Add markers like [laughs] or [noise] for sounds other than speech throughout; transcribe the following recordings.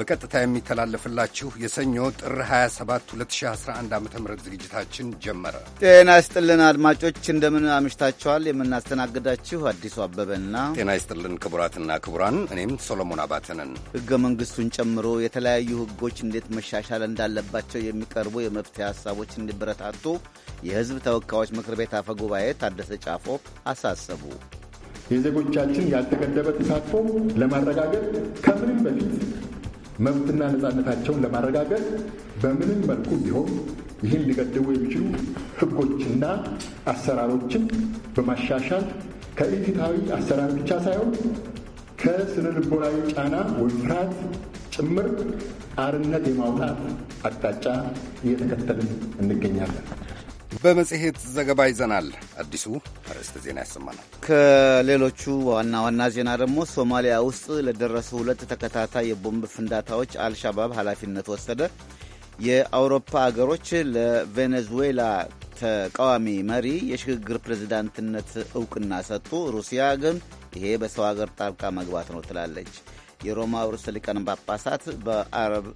በቀጥታ የሚተላለፍላችሁ የሰኞ ጥር 27 2011 ዓ ም ዝግጅታችን ጀመረ። ጤና ይስጥልን አድማጮች፣ እንደምን አምሽታችኋል? የምናስተናግዳችሁ አዲሱ አበበና ጤና ይስጥልን ክቡራትና ክቡራን፣ እኔም ሶሎሞን አባተንን። ህገ መንግሥቱን ጨምሮ የተለያዩ ህጎች እንዴት መሻሻል እንዳለባቸው የሚቀርቡ የመፍትሄ ሀሳቦች እንዲበረታቱ የሕዝብ ተወካዮች ምክር ቤት አፈ ጉባኤ ታደሰ ጫፎ አሳሰቡ። የዜጎቻችን ያልተገደበ ተሳትፎ ለማረጋገጥ ከምንም በፊት መብትና ነፃነታቸውን ለማረጋገጥ በምንም መልኩ ቢሆን ይህን ሊገድቡ የሚችሉ ህጎችና አሰራሮችን በማሻሻል ከኢፍትሐዊ አሰራር ብቻ ሳይሆን ከስነ ልቦናዊ ጫና ወይ ፍርሃት ጭምር አርነት የማውጣት አቅጣጫ እየተከተልን እንገኛለን። በመጽሔት ዘገባ ይዘናል። አዲሱ አርዕስተ ዜና ያሰማናል። ከሌሎቹ ዋና ዋና ዜና ደግሞ ሶማሊያ ውስጥ ለደረሱ ሁለት ተከታታይ የቦምብ ፍንዳታዎች አልሻባብ ኃላፊነት ወሰደ። የአውሮፓ አገሮች ለቬኔዙዌላ ተቃዋሚ መሪ የሽግግር ፕሬዝዳንትነት እውቅና ሰጡ። ሩሲያ ግን ይሄ በሰው አገር ጣልቃ መግባት ነው ትላለች። የሮማ ርዕሰ ሊቃነ ጳጳሳት በአረብ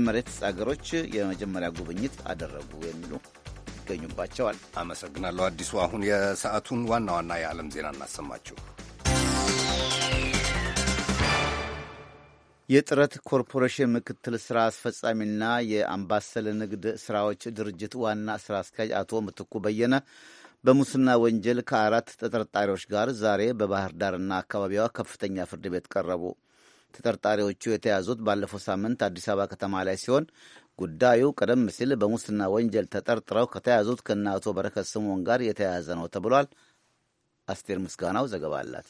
ኤሚሬትስ አገሮች የመጀመሪያ ጉብኝት አደረጉ የሚሉ ይገኙባቸዋል። አመሰግናለሁ አዲሱ። አሁን የሰዓቱን ዋና ዋና የዓለም ዜና እናሰማችሁ። የጥረት ኮርፖሬሽን ምክትል ሥራ አስፈጻሚና የአምባሰል ንግድ ሥራዎች ድርጅት ዋና ሥራ አስኪያጅ አቶ ምትኩ በየነ በሙስና ወንጀል ከአራት ተጠርጣሪዎች ጋር ዛሬ በባህር ዳርና አካባቢዋ ከፍተኛ ፍርድ ቤት ቀረቡ። ተጠርጣሪዎቹ የተያዙት ባለፈው ሳምንት አዲስ አበባ ከተማ ላይ ሲሆን ጉዳዩ ቀደም ሲል በሙስና ወንጀል ተጠርጥረው ከተያዙት ከነ አቶ በረከት ስምዖን ጋር የተያያዘ ነው ተብሏል። አስቴር ምስጋናው ዘገባ አላት።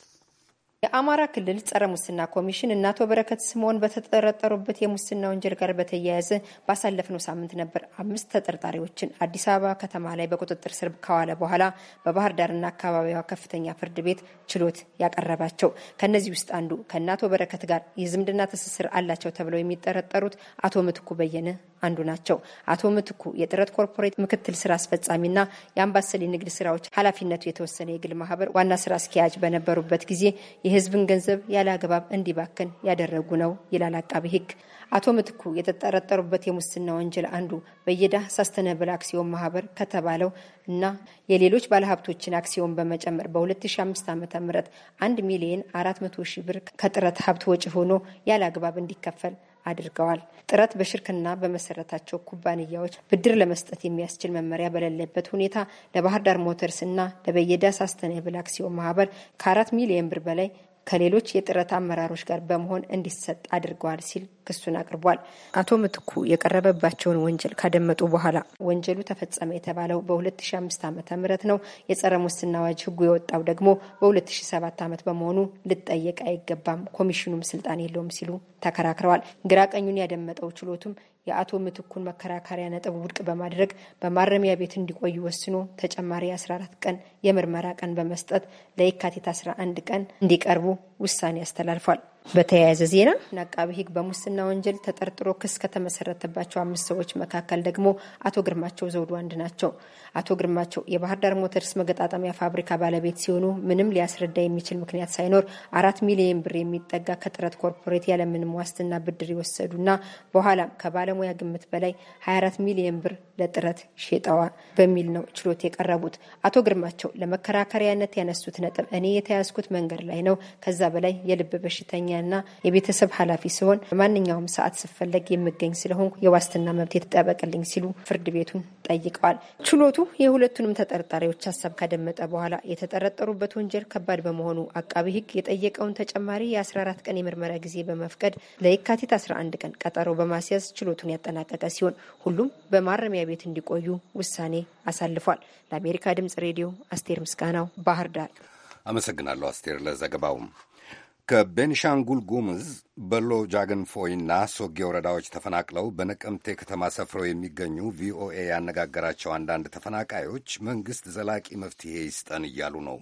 የአማራ ክልል ጸረ ሙስና ኮሚሽን እና አቶ በረከት ስምዖን በተጠረጠሩበት የሙስና ወንጀል ጋር በተያያዘ ባሳለፍነው ሳምንት ነበር አምስት ተጠርጣሪዎችን አዲስ አበባ ከተማ ላይ በቁጥጥር ስር ከዋለ በኋላ በባህር ዳርና አካባቢዋ ከፍተኛ ፍርድ ቤት ችሎት ያቀረባቸው። ከእነዚህ ውስጥ አንዱ ከእነ አቶ በረከት ጋር የዝምድና ትስስር አላቸው ተብለው የሚጠረጠሩት አቶ ምትኩ በየነ አንዱ ናቸው። አቶ ምትኩ የጥረት ኮርፖሬት ምክትል ስራ አስፈጻሚና የአምባሰል ንግድ ስራዎች ኃላፊነቱ የተወሰነ የግል ማህበር ዋና ስራ አስኪያጅ በነበሩበት ጊዜ የህዝብን ገንዘብ ያለ አግባብ እንዲባክን ያደረጉ ነው ይላል አቃቢ ህግ። አቶ ምትኩ የተጠረጠሩበት የሙስና ወንጀል አንዱ በየዳ ሳስተነብል አክሲዮን ማህበር ከተባለው እና የሌሎች ባለሀብቶችን አክሲዮን በመጨመር በ2005 ዓ ም 1 ሚሊየን 400 ሺህ ብር ከጥረት ሀብት ወጪ ሆኖ ያለ አግባብ እንዲከፈል አድርገዋል። ጥረት በሽርክና በመሰረታቸው ኩባንያዎች ብድር ለመስጠት የሚያስችል መመሪያ በሌለበት ሁኔታ ለባህር ዳር ሞተርስ እና ለበየዳ ሳስተኔብል አክሲዮን ማህበር ከአራት ሚሊዮን ብር በላይ ከሌሎች የጥረት አመራሮች ጋር በመሆን እንዲሰጥ አድርገዋል ሲል ክሱን አቅርቧል። አቶ ምትኩ የቀረበባቸውን ወንጀል ካደመጡ በኋላ ወንጀሉ ተፈጸመ የተባለው በ2005 ዓ ም ነው የጸረ ሙስና አዋጅ ህጉ የወጣው ደግሞ በ2007 ዓመት በመሆኑ ልጠየቅ አይገባም፣ ኮሚሽኑም ስልጣን የለውም ሲሉ ተከራክረዋል። ግራ ቀኙን ያደመጠው ችሎቱም የአቶ ምትኩን መከራከሪያ ነጥብ ውድቅ በማድረግ በማረሚያ ቤት እንዲቆዩ ወስኖ ተጨማሪ 14 ቀን የምርመራ ቀን በመስጠት ለየካቲት 11 ቀን እንዲቀርቡ ውሳኔ አስተላልፏል። በተያያዘ ዜና አቃቤ ሕግ በሙስና ወንጀል ተጠርጥሮ ክስ ከተመሰረተባቸው አምስት ሰዎች መካከል ደግሞ አቶ ግርማቸው ዘውዱ አንድ ናቸው። አቶ ግርማቸው የባህር ዳር ሞተርስ መገጣጠሚያ ፋብሪካ ባለቤት ሲሆኑ ምንም ሊያስረዳ የሚችል ምክንያት ሳይኖር አራት ሚሊዮን ብር የሚጠጋ ከጥረት ኮርፖሬት ያለምንም ዋስትና ብድር የወሰዱና በኋላም ከባለሙያ ግምት በላይ 24 ሚሊዮን ብር ለጥረት ሸጠዋል በሚል ነው ችሎት የቀረቡት። አቶ ግርማቸው ለመከራከሪያነት ያነሱት ነጥብ እኔ የተያዝኩት መንገድ ላይ ነው፣ ከዛ በላይ የልብ በሽተኛ ጓደኛና የቤተሰብ ኃላፊ ሲሆን በማንኛውም ሰዓት ስፈለግ የምገኝ ስለሆንኩ የዋስትና መብት የተጠበቅልኝ ሲሉ ፍርድ ቤቱን ጠይቀዋል። ችሎቱ የሁለቱንም ተጠርጣሪዎች ሀሳብ ካደመጠ በኋላ የተጠረጠሩበት ወንጀል ከባድ በመሆኑ አቃቢ ሕግ የጠየቀውን ተጨማሪ የ14 ቀን የምርመራ ጊዜ በመፍቀድ ለየካቲት 11 ቀን ቀጠሮ በማስያዝ ችሎቱን ያጠናቀቀ ሲሆን ሁሉም በማረሚያ ቤት እንዲቆዩ ውሳኔ አሳልፏል። ለአሜሪካ ድምጽ ሬዲዮ አስቴር ምስጋናው ባህር ዳር። አመሰግናለሁ አስቴር ለዘገባውም። ከቤንሻንጉል ጉምዝ በሎ ጃገንፎይና ሶጌ ወረዳዎች ተፈናቅለው በነቀምቴ ከተማ ሰፍረው የሚገኙ ቪኦኤ ያነጋገራቸው አንዳንድ ተፈናቃዮች መንግሥት ዘላቂ መፍትሔ ይስጠን እያሉ ነው።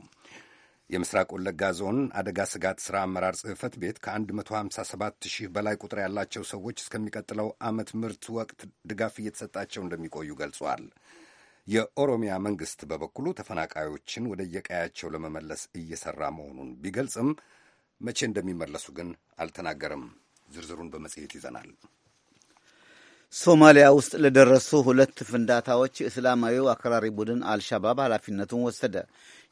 የምስራቅ ወለጋ ዞን አደጋ ስጋት ሥራ አመራር ጽሕፈት ቤት ከ157 ሺህ በላይ ቁጥር ያላቸው ሰዎች እስከሚቀጥለው ዓመት ምርት ወቅት ድጋፍ እየተሰጣቸው እንደሚቆዩ ገልጿል። የኦሮሚያ መንግሥት በበኩሉ ተፈናቃዮችን ወደ የቀያቸው ለመመለስ እየሠራ መሆኑን ቢገልጽም መቼ እንደሚመለሱ ግን አልተናገረም። ዝርዝሩን በመጽሔት ይዘናል። ሶማሊያ ውስጥ ለደረሱ ሁለት ፍንዳታዎች እስላማዊው አክራሪ ቡድን አልሻባብ ኃላፊነቱን ወሰደ።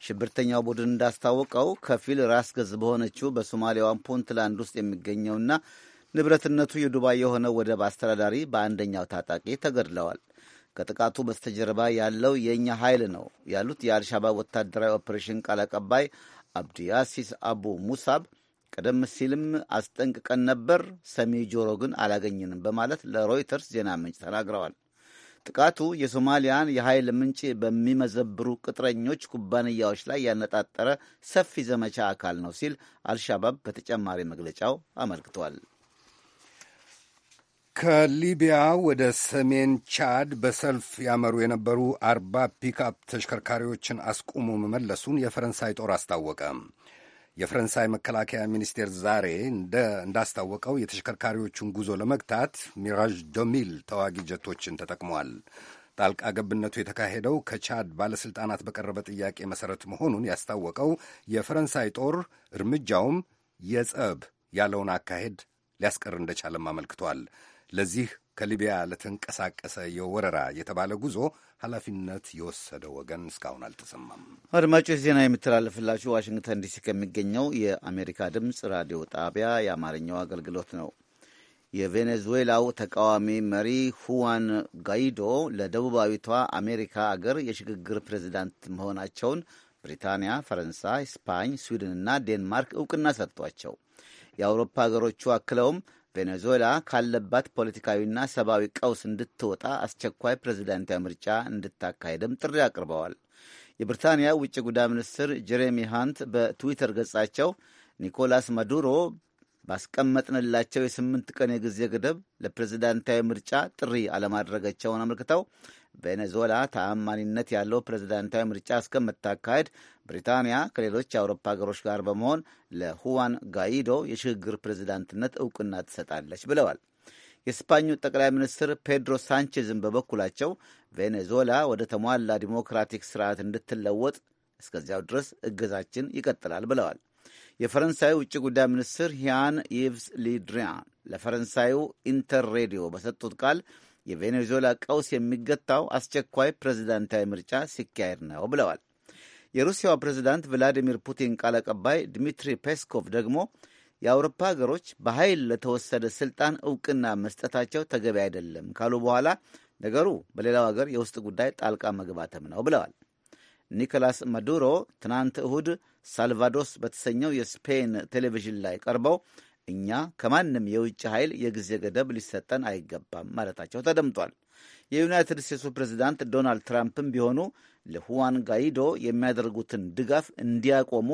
ሽብርተኛው ቡድን እንዳስታወቀው ከፊል ራስ ገዝ በሆነችው በሶማሊያዋን ፑንትላንድ ውስጥ የሚገኘውና ንብረትነቱ የዱባይ የሆነው ወደብ አስተዳዳሪ በአንደኛው ታጣቂ ተገድለዋል። ከጥቃቱ በስተጀርባ ያለው የእኛ ኃይል ነው ያሉት የአልሻባብ ወታደራዊ ኦፕሬሽን ቃል አቀባይ አብዲያሲስ አቡ ሙሳብ ቀደም ሲልም አስጠንቅቀን ነበር፣ ሰሚ ጆሮ ግን አላገኘንም በማለት ለሮይተርስ ዜና ምንጭ ተናግረዋል። ጥቃቱ የሶማሊያን የኃይል ምንጭ በሚመዘብሩ ቅጥረኞች ኩባንያዎች ላይ ያነጣጠረ ሰፊ ዘመቻ አካል ነው ሲል አልሻባብ በተጨማሪ መግለጫው አመልክቷል። ከሊቢያ ወደ ሰሜን ቻድ በሰልፍ ያመሩ የነበሩ አርባ ፒክአፕ ተሽከርካሪዎችን አስቁሞ መመለሱን የፈረንሳይ ጦር አስታወቀ። የፈረንሳይ መከላከያ ሚኒስቴር ዛሬ እንዳስታወቀው የተሽከርካሪዎቹን ጉዞ ለመግታት ሚራዥ ዶሚል ተዋጊ ጀቶችን ተጠቅሟል። ጣልቃ ገብነቱ የተካሄደው ከቻድ ባለሥልጣናት በቀረበ ጥያቄ መሠረት መሆኑን ያስታወቀው የፈረንሳይ ጦር እርምጃውም የጸብ ያለውን አካሄድ ሊያስቀር እንደቻለም አመልክቷል። ለዚህ ከሊቢያ ለተንቀሳቀሰ የወረራ የተባለ ጉዞ ኃላፊነት የወሰደ ወገን እስካሁን አልተሰማም። አድማጮች፣ ዜና የምተላለፍላችሁ ዋሽንግተን ዲሲ ከሚገኘው የአሜሪካ ድምፅ ራዲዮ ጣቢያ የአማርኛው አገልግሎት ነው። የቬኔዙዌላው ተቃዋሚ መሪ ሁዋን ጋይዶ ለደቡባዊቷ አሜሪካ አገር የሽግግር ፕሬዚዳንት መሆናቸውን ብሪታንያ፣ ፈረንሳይ፣ ስፓኝ፣ ስዊድንና ዴንማርክ እውቅና ሰጥቷቸው የአውሮፓ ሀገሮቹ አክለውም ቬኔዙዌላ ካለባት ፖለቲካዊና ሰብአዊ ቀውስ እንድትወጣ አስቸኳይ ፕሬዚዳንታዊ ምርጫ እንድታካሄድም ጥሪ አቅርበዋል። የብሪታንያ ውጭ ጉዳይ ሚኒስትር ጀሬሚ ሃንት በትዊተር ገጻቸው ኒኮላስ ማዱሮ ባስቀመጥንላቸው የስምንት ቀን የጊዜ ገደብ ለፕሬዚዳንታዊ ምርጫ ጥሪ አለማድረጋቸውን አመልክተው ቬኔዙዌላ ተአማኒነት ያለው ፕሬዝዳንታዊ ምርጫ እስከምታካሄድ ብሪታንያ ከሌሎች የአውሮፓ ሀገሮች ጋር በመሆን ለሁዋን ጋይዶ የሽግግር ፕሬዝዳንትነት እውቅና ትሰጣለች ብለዋል። የስፓኙ ጠቅላይ ሚኒስትር ፔድሮ ሳንቼዝን በበኩላቸው ቬኔዙዌላ ወደ ተሟላ ዲሞክራቲክ ስርዓት እንድትለወጥ እስከዚያው ድረስ እገዛችን ይቀጥላል ብለዋል። የፈረንሳዩ ውጭ ጉዳይ ሚኒስትር ሂያን ይቭስ ሊድሪያን ለፈረንሳዩ ኢንተር ሬዲዮ በሰጡት ቃል የቬኔዙዌላ ቀውስ የሚገታው አስቸኳይ ፕሬዚዳንታዊ ምርጫ ሲካሄድ ነው ብለዋል። የሩሲያው ፕሬዚዳንት ቭላዲሚር ፑቲን ቃል አቀባይ ድሚትሪ ፔስኮቭ ደግሞ የአውሮፓ ሀገሮች በኃይል ለተወሰደ ስልጣን እውቅና መስጠታቸው ተገቢ አይደለም ካሉ በኋላ ነገሩ በሌላው ሀገር የውስጥ ጉዳይ ጣልቃ መግባትም ነው ብለዋል። ኒኮላስ ማዱሮ ትናንት እሁድ ሳልቫዶስ በተሰኘው የስፔን ቴሌቪዥን ላይ ቀርበው እኛ ከማንም የውጭ ኃይል የጊዜ ገደብ ሊሰጠን አይገባም ማለታቸው ተደምጧል። የዩናይትድ ስቴትሱ ፕሬዚዳንት ዶናልድ ትራምፕም ቢሆኑ ለሁዋን ጋይዶ የሚያደርጉትን ድጋፍ እንዲያቆሙ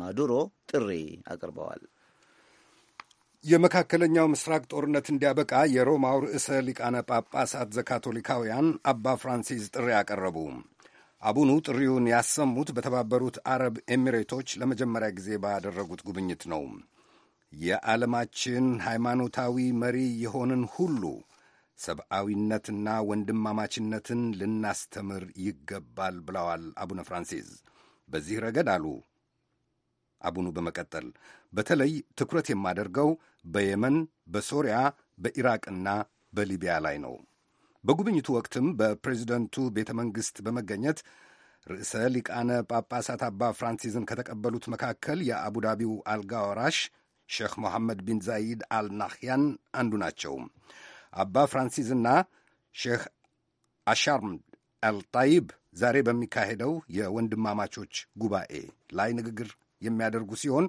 ማዱሮ ጥሪ አቅርበዋል። የመካከለኛው ምስራቅ ጦርነት እንዲያበቃ የሮማው ርዕሰ ሊቃነ ጳጳሳት ዘካቶሊካውያን አባ ፍራንሲስ ጥሪ አቀረቡ። አቡኑ ጥሪውን ያሰሙት በተባበሩት አረብ ኤሚሬቶች ለመጀመሪያ ጊዜ ባደረጉት ጉብኝት ነው። የዓለማችን ሃይማኖታዊ መሪ የሆንን ሁሉ ሰብአዊነትና ወንድማማችነትን ልናስተምር ይገባል ብለዋል አቡነ ፍራንሲስ። በዚህ ረገድ አሉ አቡኑ በመቀጠል በተለይ ትኩረት የማደርገው በየመን፣ በሶሪያ፣ በኢራቅና በሊቢያ ላይ ነው። በጉብኝቱ ወቅትም በፕሬዚደንቱ ቤተ መንግሥት በመገኘት ርዕሰ ሊቃነ ጳጳሳት አባ ፍራንሲዝን ከተቀበሉት መካከል የአቡዳቢው አልጋ ወራሽ ሼክ ሞሐመድ ቢን ዛይድ አልናህያን አንዱ ናቸው። አባ ፍራንሲስና ሼህ አሻርም አልጣይብ ዛሬ በሚካሄደው የወንድማማቾች ጉባኤ ላይ ንግግር የሚያደርጉ ሲሆን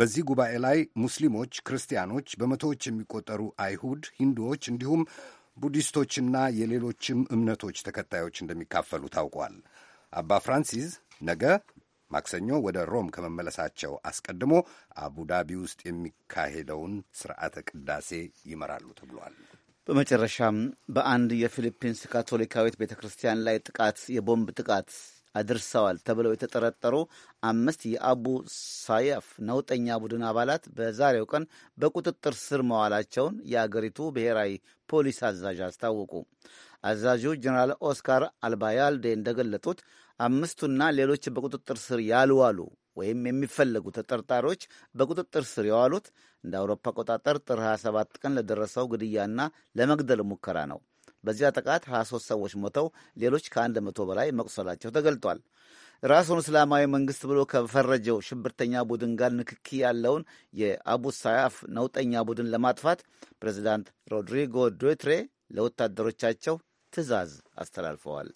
በዚህ ጉባኤ ላይ ሙስሊሞች፣ ክርስቲያኖች፣ በመቶዎች የሚቆጠሩ አይሁድ፣ ሂንዱዎች እንዲሁም ቡዲስቶችና የሌሎችም እምነቶች ተከታዮች እንደሚካፈሉ ታውቋል። አባ ፍራንሲስ ነገ ማክሰኞ ወደ ሮም ከመመለሳቸው አስቀድሞ አቡዳቢ ውስጥ የሚካሄደውን ስርዓተ ቅዳሴ ይመራሉ ተብሏል። በመጨረሻም በአንድ የፊሊፒንስ ካቶሊካዊት ቤተ ክርስቲያን ላይ ጥቃት የቦምብ ጥቃት አድርሰዋል ተብለው የተጠረጠሩ አምስት የአቡ ሳያፍ ነውጠኛ ቡድን አባላት በዛሬው ቀን በቁጥጥር ስር መዋላቸውን የአገሪቱ ብሔራዊ ፖሊስ አዛዥ አስታወቁ። አዛዡ ጀኔራል ኦስካር አልባያልዴ እንደገለጡት አምስቱና ሌሎች በቁጥጥር ስር ያልዋሉ ወይም የሚፈለጉ ተጠርጣሪዎች በቁጥጥር ስር የዋሉት እንደ አውሮፓ አቆጣጠር ጥር 27 ቀን ለደረሰው ግድያና ለመግደል ሙከራ ነው። በዚያ ጥቃት 23 ሰዎች ሞተው ሌሎች ከ100 በላይ መቁሰላቸው ተገልጧል። ራሱን እስላማዊ መንግስት ብሎ ከፈረጀው ሽብርተኛ ቡድን ጋር ንክኪ ያለውን የአቡ ሳያፍ ነውጠኛ ቡድን ለማጥፋት ፕሬዚዳንት ሮድሪጎ ዶትሬ ለወታደሮቻቸው ትዕዛዝ አስተላልፈዋል።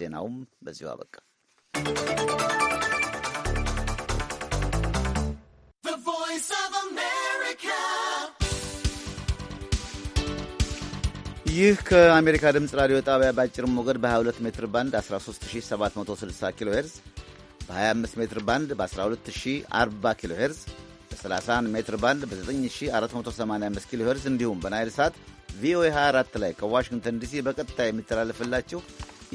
ዜናውም በዚሁ አበቃ። ይህ ከአሜሪካ ድምፅ ራዲዮ ጣቢያ በአጭር ሞገድ በ22 ሜትር ባንድ 13760 ኪሎ ሄርዝ በ25 ሜትር ባንድ በ1240 ኪሎ ሄርዝ በ31 ሜትር ባንድ በ9485 ኪሎ ሄርዝ እንዲሁም በናይል ሳት ቪኦኤ 24 ላይ ከዋሽንግተን ዲሲ በቀጥታ የሚተላለፍላችሁ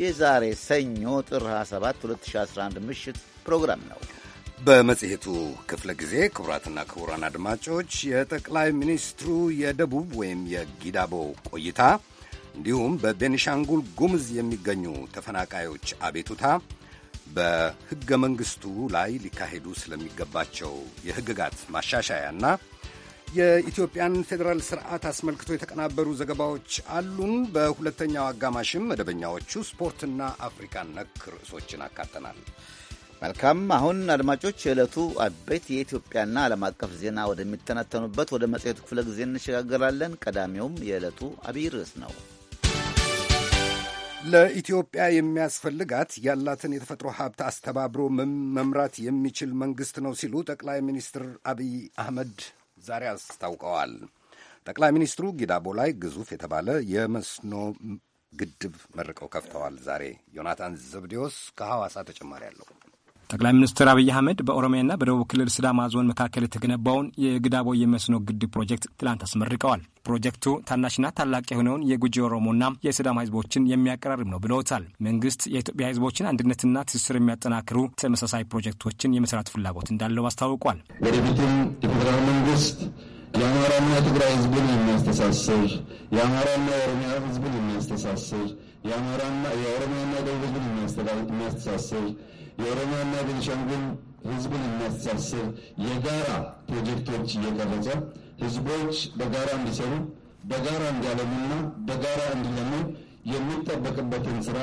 የዛሬ ሰኞ ጥር 27 2011 ምሽት ፕሮግራም ነው። በመጽሔቱ ክፍለ ጊዜ ክቡራትና ክቡራን አድማጮች የጠቅላይ ሚኒስትሩ የደቡብ ወይም የጊዳቦ ቆይታ እንዲሁም በቤኒሻንጉል ጉምዝ የሚገኙ ተፈናቃዮች አቤቱታ፣ በሕገ መንግሥቱ ላይ ሊካሄዱ ስለሚገባቸው የሕግጋት ማሻሻያና የኢትዮጵያን ፌዴራል ስርዓት አስመልክቶ የተቀናበሩ ዘገባዎች አሉን። በሁለተኛው አጋማሽም መደበኛዎቹ ስፖርትና አፍሪካ ነክ ርዕሶችን አካተናል። መልካም። አሁን አድማጮች፣ የዕለቱ አበይት የኢትዮጵያና ዓለም አቀፍ ዜና ወደሚተነተኑበት ወደ መጽሔቱ ክፍለ ጊዜ እንሸጋገራለን። ቀዳሚውም የዕለቱ አብይ ርዕስ ነው። ለኢትዮጵያ የሚያስፈልጋት ያላትን የተፈጥሮ ሀብት አስተባብሮ መምራት የሚችል መንግስት ነው ሲሉ ጠቅላይ ሚኒስትር አብይ አህመድ ዛሬ አስታውቀዋል። ጠቅላይ ሚኒስትሩ ጊዳቦ ላይ ግዙፍ የተባለ የመስኖ ግድብ መርቀው ከፍተዋል። ዛሬ ዮናታን ዘብዴዎስ ከሐዋሳ ተጨማሪ አለው። ጠቅላይ ሚኒስትር አብይ አህመድ በኦሮሚያና በደቡብ ክልል ስዳማ ዞን መካከል የተገነባውን የግዳቦ የመስኖ ግድብ ፕሮጀክት ትላንት አስመርቀዋል። ፕሮጀክቱ ታናሽና ታላቅ የሆነውን የጉጂ ኦሮሞና የስዳማ ህዝቦችን የሚያቀራርብ ነው ብለውታል። መንግስት የኢትዮጵያ ህዝቦችን አንድነትና ትስስር የሚያጠናክሩ ተመሳሳይ ፕሮጀክቶችን የመስራት ፍላጎት እንዳለው አስታውቋል። ወደፊትም የፌዴራል መንግስት የአማራና የትግራይ ህዝብን የሚያስተሳስር የአማራና የኦሮሚያ ህዝብን የሚያስተሳስር የአማራና የኦሮሚያና ደቡብ ህዝብን የሚያስተሳስር የኦሮሚያና ቤንሻንጉል ህዝብን የሚያሳስር የጋራ ፕሮጀክቶች እየቀረጸ ህዝቦች በጋራ እንዲሰሩ በጋራ እንዲያለሙና በጋራ እንዲለሙ የሚጠበቅበትን ስራ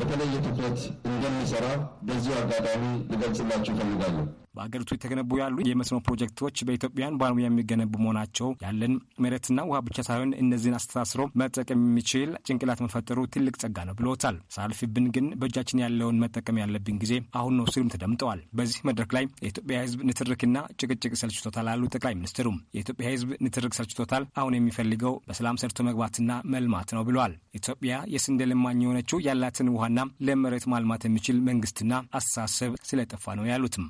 በተለየ ትኩረት እንደሚሰራ በዚሁ አጋጣሚ ልገልጽላችሁ እፈልጋለሁ። በአገሪቱ የተገነቡ ያሉ የመስኖ ፕሮጀክቶች በኢትዮጵያን ባለሙያ የሚገነቡ መሆናቸው ያለን መሬትና ውሃ ብቻ ሳይሆን እነዚህን አስተሳስሮ መጠቀም የሚችል ጭንቅላት መፈጠሩ ትልቅ ጸጋ ነው ብሎታል። ሳልፊብን ግን በእጃችን ያለውን መጠቀም ያለብን ጊዜ አሁን ነው ሲሉም ተደምጠዋል። በዚህ መድረክ ላይ የኢትዮጵያ ሕዝብ ንትርክና ጭቅጭቅ ሰልችቶታል አሉ ጠቅላይ ሚኒስትሩም። የኢትዮጵያ ሕዝብ ንትርክ ሰልችቶታል። አሁን የሚፈልገው በሰላም ሰርቶ መግባትና መልማት ነው ብለዋል። ኢትዮጵያ የስንዴ ለማኝ የሆነችው ያላትን ውሃና ለመሬት ማልማት የሚችል መንግስትና አስተሳሰብ ስለጠፋ ነው ያሉትም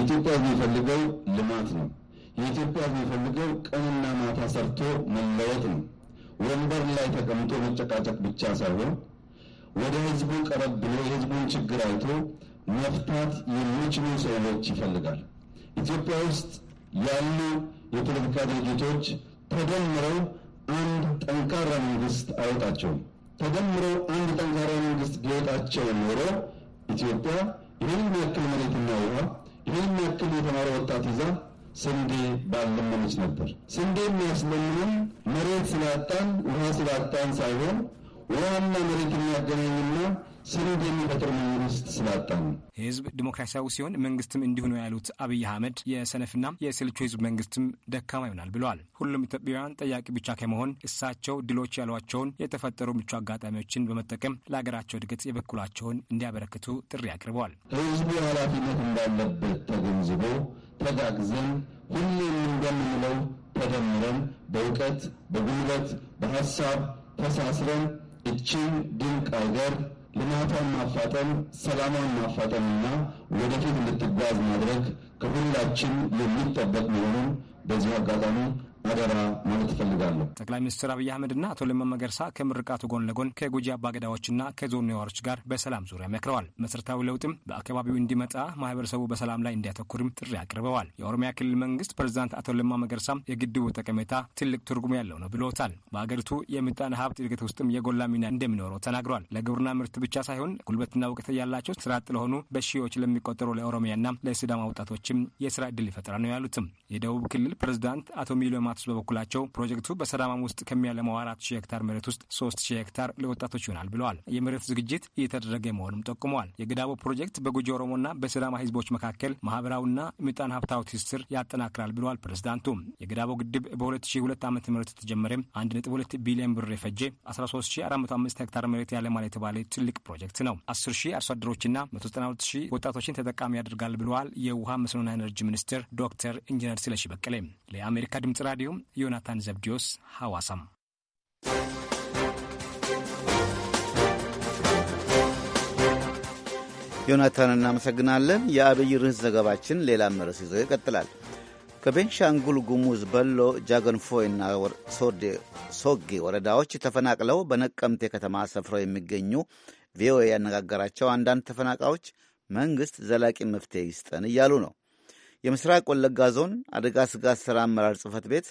የኢትዮጵያ የሚፈልገው ልማት ነው። የኢትዮጵያ የሚፈልገው ቀንና ማታ ሰርቶ መለወጥ ነው። ወንበር ላይ ተቀምጦ መጨቃጨቅ ብቻ ሳይሆን ወደ ህዝቡ ቀረብ ብሎ የህዝቡን ችግር አይቶ መፍታት የሚችሉ ሰዎች ይፈልጋል። ኢትዮጵያ ውስጥ ያሉ የፖለቲካ ድርጅቶች ተደምረው አንድ ጠንካራ መንግስት አይወጣቸውም። ተደምረው አንድ ጠንካራ መንግስት ቢወጣቸው ኖሮ ኢትዮጵያ ይህን ያክል መሬትና ውሃ ይህን ያክል የተማረ ወጣት ይዛ ስንዴ ባልለመነች ነበር። ስንዴ የሚያስለምን መሬት ስላጣን ውሃ ስላጣን ሳይሆን ውሃና መሬት የሚያገናኝና ስሩድ የሚፈጥር መንግስት ስላጣ ነው። ህዝብ ዲሞክራሲያዊ ሲሆን መንግስትም እንዲሁ ነው ያሉት አብይ አህመድ የሰነፍና የስልቹ ህዝብ መንግስትም ደካማ ይሆናል ብለዋል። ሁሉም ኢትዮጵያውያን ጠያቂ ብቻ ከመሆን እሳቸው ድሎች ያሏቸውን የተፈጠሩ ምቹ አጋጣሚዎችን በመጠቀም ለሀገራቸው እድገት የበኩላቸውን እንዲያበረክቱ ጥሪ አቅርበዋል። ህዝቡ ኃላፊነት እንዳለበት ተገንዝቦ ተጋግዘን ሁሌም እንደምንለው ተደምረን በእውቀት፣ በጉልበት፣ በሀሳብ ተሳስረን እችን ድንቅ አገር ልማቷን ማፋጠን፣ ሰላሟን ማፋጠንና ወደፊት እንድትጓዝ ማድረግ ከሁላችን የሚጠበቅ መሆኑን በዚሁ አጋጣሚ አደራ ማለት እፈልጋለሁ። ጠቅላይ ሚኒስትር አብይ አህመድና አቶ ለማ መገርሳ ከምርቃቱ ጎን ለጎን ከጎጂ አባገዳዎችና ከዞን ነዋሪዎች ጋር በሰላም ዙሪያ መክረዋል። መሰረታዊ ለውጥም በአካባቢው እንዲመጣ ማህበረሰቡ በሰላም ላይ እንዲያተኩርም ጥሪ አቅርበዋል። የኦሮሚያ ክልል መንግስት ፕሬዚዳንት አቶ ለማ መገርሳ የግድቡ ጠቀሜታ ትልቅ ትርጉም ያለው ነው ብሎታል። በአገሪቱ የምጣኔ ሀብት እድገት ውስጥም የጎላ ሚና እንደሚኖረው ተናግሯል። ለግብርና ምርት ብቻ ሳይሆን ጉልበትና እውቀት ያላቸው ስራ አጥ ለሆኑ በሺዎች ለሚቆጠሩ ለኦሮሚያና ለሲዳማ ወጣቶችም የስራ እድል ይፈጥራል ነው ያሉትም የደቡብ ክልል ፕሬዚዳንት አቶ ሚሊዮን ሽልማቶች በበኩላቸው ፕሮጀክቱ በሰዳማም ውስጥ ከሚያለማው አራት ሺህ ሄክታር መሬት ውስጥ ሶስት ሺህ ሄክታር ለወጣቶች ይሆናል ብለዋል። የመሬት ዝግጅት እየተደረገ መሆኑም ጠቁመዋል። የግዳቦ ፕሮጀክት በጉጂ ኦሮሞና በሰላማ ህዝቦች መካከል ማህበራዊና ምጣን ሀብታዊ ትስስር ያጠናክራል ብለዋል ፕሬዝዳንቱ። የግዳቦ ግድብ በ2002 ዓ ም የተጀመረም 1.2 ቢሊዮን ብር የፈጀ 13405 ሄክታር መሬት ያለማል የተባለ ትልቅ ፕሮጀክት ነው። 10 ሺህ አርሶ አደሮችና 192 ሺህ ወጣቶችን ተጠቃሚ ያደርጋል ብለዋል የውሃ መስኖና ኤነርጂ ሚኒስትር ዶክተር ኢንጂነር ስለሺ በቀለ ለአሜሪካ ድምጽ ራዲዮ ስታዲዮም ዮናታን ዘብዲዮስ ሐዋሳም ዮናታን እናመሰግናለን። የአብይ ርዕስ ዘገባችን ሌላም ርዕስ ይዞ ይቀጥላል። ከቤንሻንጉል ጉሙዝ በሎ ጃገንፎይና ሶጌ ወረዳዎች ተፈናቅለው በነቀምቴ ከተማ ሰፍረው የሚገኙ ቪኦኤ ያነጋገራቸው አንዳንድ ተፈናቃዮች መንግሥት ዘላቂ መፍትሄ ይስጠን እያሉ ነው። የምስራቅ ወለጋ ዞን አደጋ ስጋት ሥራ አመራር ጽህፈት ቤት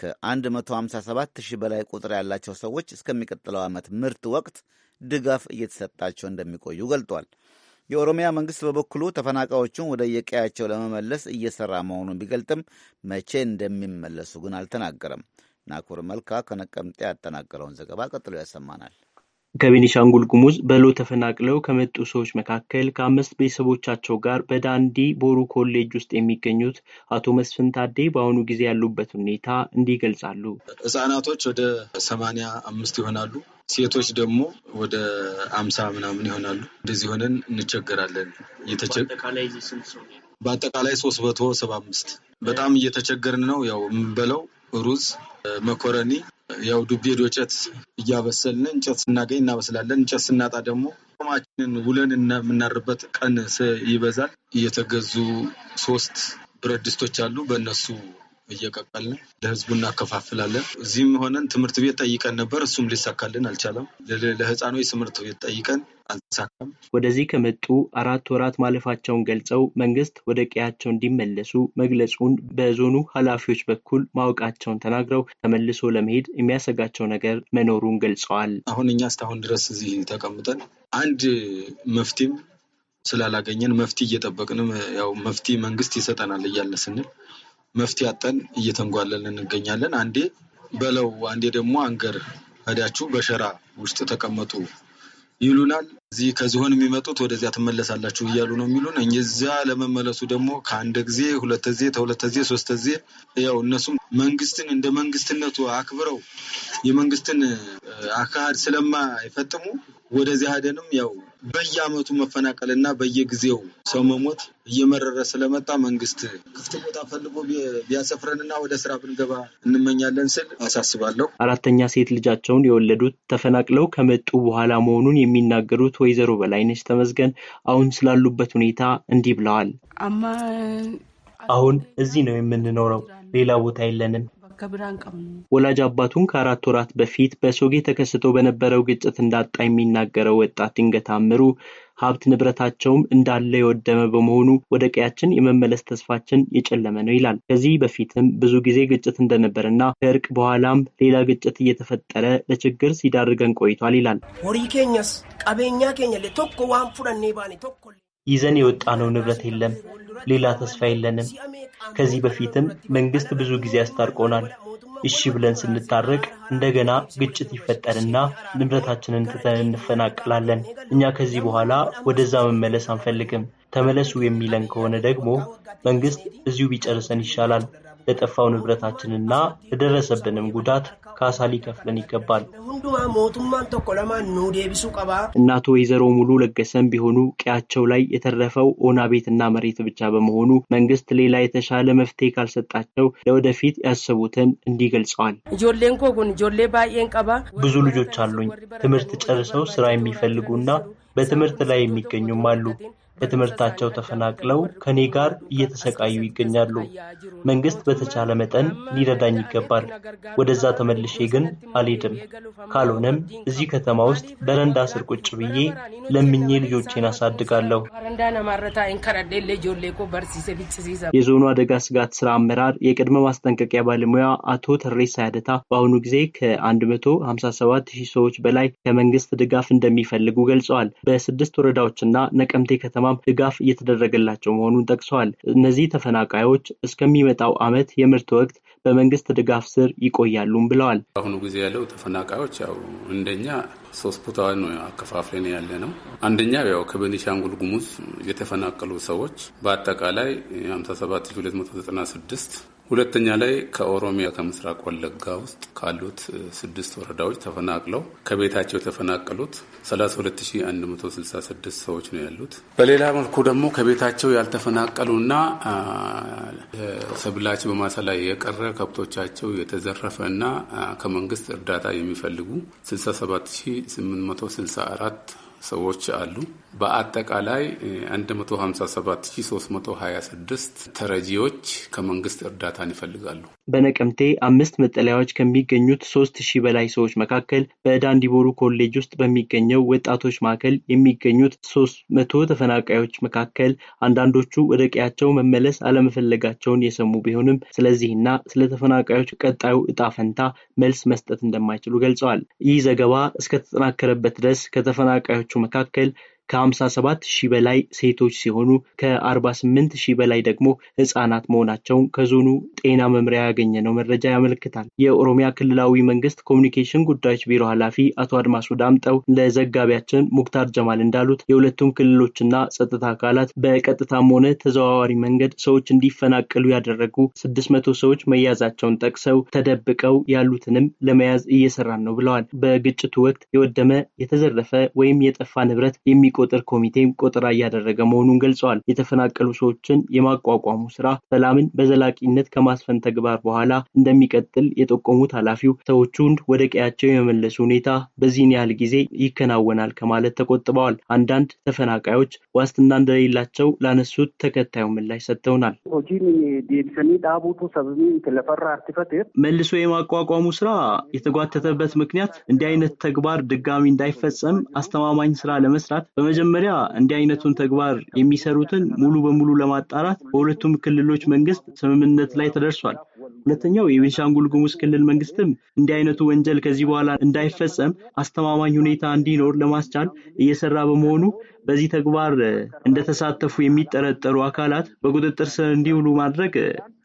ከ157 ሺህ በላይ ቁጥር ያላቸው ሰዎች እስከሚቀጥለው ዓመት ምርት ወቅት ድጋፍ እየተሰጣቸው እንደሚቆዩ ገልጧል። የኦሮሚያ መንግሥት በበኩሉ ተፈናቃዮቹን ወደ የቀያቸው ለመመለስ እየሠራ መሆኑን ቢገልጥም መቼ እንደሚመለሱ ግን አልተናገረም። ናኩር መልካ ከነቀምጤ ያጠናቀረውን ዘገባ ቀጥሎ ያሰማናል። ከቤኒሻንጉል ጉሙዝ በሎ ተፈናቅለው ከመጡ ሰዎች መካከል ከአምስት ቤተሰቦቻቸው ጋር በዳንዲ ቦሩ ኮሌጅ ውስጥ የሚገኙት አቶ መስፍን ታዴ በአሁኑ ጊዜ ያሉበት ሁኔታ እንዲህ ይገልጻሉ። ህጻናቶች ወደ ሰማንያ አምስት ይሆናሉ። ሴቶች ደግሞ ወደ አምሳ ምናምን ይሆናሉ። እንደዚህ ሆነን እንቸገራለን። በአጠቃላይ ሶስት መቶ ሰባ አምስት በጣም እየተቸገርን ነው። ያው የምንበለው ሩዝ፣ መኮረኒ ያው ዱቤ ዶጨት እያበሰልን እንጨት ስናገኝ እናበስላለን። እንጨት ስናጣ ደግሞ ቆማችንን ውለን የምናርበት ቀን ይበዛል። እየተገዙ ሶስት ብረት ድስቶች አሉ። በእነሱ እየቀቀልን ለህዝቡ እናከፋፍላለን። እዚህም ሆነን ትምህርት ቤት ጠይቀን ነበር፣ እሱም ሊሳካልን አልቻለም። ለህፃኖች ትምህርት ቤት ጠይቀን አልተሳካም። ወደዚህ ከመጡ አራት ወራት ማለፋቸውን ገልጸው መንግስት ወደ ቀያቸው እንዲመለሱ መግለጹን በዞኑ ኃላፊዎች በኩል ማወቃቸውን ተናግረው ተመልሶ ለመሄድ የሚያሰጋቸው ነገር መኖሩን ገልጸዋል። አሁን እኛ እስካሁን ድረስ እዚህ ተቀምጠን አንድ መፍትሄም ስላላገኘን መፍትሄ እየጠበቅንም ያው መፍትሄ መንግስት ይሰጠናል እያለ ስንል መፍትሄ አጠን እየተንጓለልን እንገኛለን። አንዴ በለው አንዴ ደግሞ አንገር ሄዳችሁ በሸራ ውስጥ ተቀመጡ ይሉናል። እዚህ ከዚሆን የሚመጡት ወደዚያ ትመለሳላችሁ እያሉ ነው የሚሉን። እዚያ ለመመለሱ ደግሞ ከአንድ ጊዜ ሁለት ጊዜ ተሁለት ጊዜ ሶስት ጊዜ ያው እነሱም መንግስትን እንደ መንግስትነቱ አክብረው የመንግስትን አካሄድ ስለማይፈጥሙ ወደዚህ ሄደንም ያው በየአመቱ መፈናቀል እና በየጊዜው ሰው መሞት እየመረረ ስለመጣ መንግስት ክፍት ቦታ ፈልጎ ቢያሰፍረንና ወደ ስራ ብንገባ እንመኛለን ስል አሳስባለሁ። አራተኛ ሴት ልጃቸውን የወለዱት ተፈናቅለው ከመጡ በኋላ መሆኑን የሚናገሩት ወይዘሮ በላይነች ተመዝገን አሁን ስላሉበት ሁኔታ እንዲህ ብለዋል። አሁን እዚህ ነው የምንኖረው፣ ሌላ ቦታ የለንም። ወላጅ አባቱን ከአራት ወራት በፊት በሶጌ ተከስቶ በነበረው ግጭት እንዳጣ የሚናገረው ወጣት ድንገት አምሩ ሀብት ንብረታቸውም እንዳለ የወደመ በመሆኑ ወደ ቀያችን የመመለስ ተስፋችን የጨለመ ነው ይላል። ከዚህ በፊትም ብዙ ጊዜ ግጭት እንደነበረና ከእርቅ በኋላም ሌላ ግጭት እየተፈጠረ ለችግር ሲዳርገን ቆይቷል ይላል። ኬኛስ ቀቤኛ ኬኛ ባኔ ቶኮ ይዘን የወጣነው ንብረት የለም፣ ሌላ ተስፋ የለንም። ከዚህ በፊትም መንግስት ብዙ ጊዜ አስታርቆናል። እሺ ብለን ስንታረቅ እንደገና ግጭት ይፈጠርና ንብረታችንን ትተን እንፈናቀላለን። እኛ ከዚህ በኋላ ወደዛ መመለስ አንፈልግም። ተመለሱ የሚለን ከሆነ ደግሞ መንግስት እዚሁ ቢጨርሰን ይሻላል። ለጠፋው ንብረታችንና ለደረሰብንም ጉዳት ካሳ ሊከፍለን ይገባል። እናቶ ወይዘሮ ሙሉ ለገሰን ቢሆኑ ቀያቸው ላይ የተረፈው ኦና ቤትና መሬት ብቻ በመሆኑ መንግስት ሌላ የተሻለ መፍትሄ ካልሰጣቸው ለወደፊት ያሰቡትን እንዲህ ገልጸዋል። ብዙ ልጆች አሉኝ። ትምህርት ጨርሰው ስራ የሚፈልጉና በትምህርት ላይ የሚገኙም አሉ። ከትምህርታቸው ተፈናቅለው ከኔ ጋር እየተሰቃዩ ይገኛሉ። መንግስት በተቻለ መጠን ሊረዳኝ ይገባል። ወደዛ ተመልሼ ግን አልሄድም። ካልሆነም እዚህ ከተማ ውስጥ በረንዳ ስር ቁጭ ብዬ ለምኜ ልጆቼን አሳድጋለሁ። የዞኑ አደጋ ስጋት ስራ አመራር የቅድመ ማስጠንቀቂያ ባለሙያ አቶ ተሬሳ ያደታ በአሁኑ ጊዜ ከ157 ሺህ ሰዎች በላይ ከመንግስት ድጋፍ እንደሚፈልጉ ገልጸዋል። በስድስት ወረዳዎችና ነቀምቴ ከተማ በፓርላማም ድጋፍ እየተደረገላቸው መሆኑን ጠቅሰዋል። እነዚህ ተፈናቃዮች እስከሚመጣው ዓመት የምርት ወቅት በመንግስት ድጋፍ ስር ይቆያሉም ብለዋል። በአሁኑ ጊዜ ያለው ተፈናቃዮች ያው እንደኛ ሶስት ቦታ ነው አከፋፍለን ያለ ነው። አንደኛው ያው ከቤኒሻንጉል ጉሙዝ የተፈናቀሉ ሰዎች በአጠቃላይ 57296 ሁለተኛ ላይ ከኦሮሚያ ከምስራቅ ወለጋ ውስጥ ካሉት ስድስት ወረዳዎች ተፈናቅለው ከቤታቸው የተፈናቀሉት 32166 ሰዎች ነው ያሉት። በሌላ መልኩ ደግሞ ከቤታቸው ያልተፈናቀሉና ሰብላቸው በማሳ ላይ የቀረ ከብቶቻቸው የተዘረፈ እና ከመንግስት እርዳታ የሚፈልጉ سعرات ሰዎች አሉ። በአጠቃላይ 157326 ተረጂዎች ከመንግስት እርዳታን ይፈልጋሉ። በነቀምቴ አምስት መጠለያዎች ከሚገኙት ሶስት ሺህ በላይ ሰዎች መካከል በዳንዲቦሩ ኮሌጅ ውስጥ በሚገኘው ወጣቶች ማዕከል የሚገኙት ሶስት መቶ ተፈናቃዮች መካከል አንዳንዶቹ ወደ ቀያቸው መመለስ አለመፈለጋቸውን የሰሙ ቢሆንም ስለዚህና ስለ ተፈናቃዮች ቀጣዩ እጣ ፈንታ መልስ መስጠት እንደማይችሉ ገልጸዋል። ይህ ዘገባ እስከተጠናከረበት ድረስ ከተፈናቃዮች Chumacatel ከ57 ሺህ በላይ ሴቶች ሲሆኑ ከ48 ሺህ በላይ ደግሞ ህጻናት መሆናቸውን ከዞኑ ጤና መምሪያ ያገኘነው መረጃ ያመለክታል። የኦሮሚያ ክልላዊ መንግስት ኮሚኒኬሽን ጉዳዮች ቢሮ ኃላፊ አቶ አድማሱ ዳምጠው ለዘጋቢያችን ሙክታር ጀማል እንዳሉት የሁለቱም ክልሎችና ጸጥታ አካላት በቀጥታም ሆነ ተዘዋዋሪ መንገድ ሰዎች እንዲፈናቀሉ ያደረጉ 600 ሰዎች መያዛቸውን ጠቅሰው ተደብቀው ያሉትንም ለመያዝ እየሰራን ነው ብለዋል። በግጭቱ ወቅት የወደመ የተዘረፈ ወይም የጠፋ ንብረት የሚቆ እንዲቆጥር ኮሚቴም ቆጠራ እያደረገ መሆኑን ገልጸዋል። የተፈናቀሉ ሰዎችን የማቋቋሙ ስራ ሰላምን በዘላቂነት ከማስፈን ተግባር በኋላ እንደሚቀጥል የጠቆሙት ኃላፊው ሰዎቹን ወደ ቀያቸው የመመለሱ ሁኔታ በዚህን ያህል ጊዜ ይከናወናል ከማለት ተቆጥበዋል። አንዳንድ ተፈናቃዮች ዋስትና እንደሌላቸው ላነሱት ተከታዩ ምላሽ ሰጥተውናል። መልሶ የማቋቋሙ ስራ የተጓተተበት ምክንያት እንዲህ አይነት ተግባር ድጋሚ እንዳይፈጸም አስተማማኝ ስራ ለመስራት በመጀመሪያ እንዲህ አይነቱን ተግባር የሚሰሩትን ሙሉ በሙሉ ለማጣራት በሁለቱም ክልሎች መንግስት ስምምነት ላይ ተደርሷል። ሁለተኛው የቤንሻንጉል ጉሙዝ ክልል መንግስትም እንዲህ አይነቱ ወንጀል ከዚህ በኋላ እንዳይፈጸም አስተማማኝ ሁኔታ እንዲኖር ለማስቻል እየሰራ በመሆኑ በዚህ ተግባር እንደተሳተፉ የሚጠረጠሩ አካላት በቁጥጥር ስር እንዲውሉ ማድረግ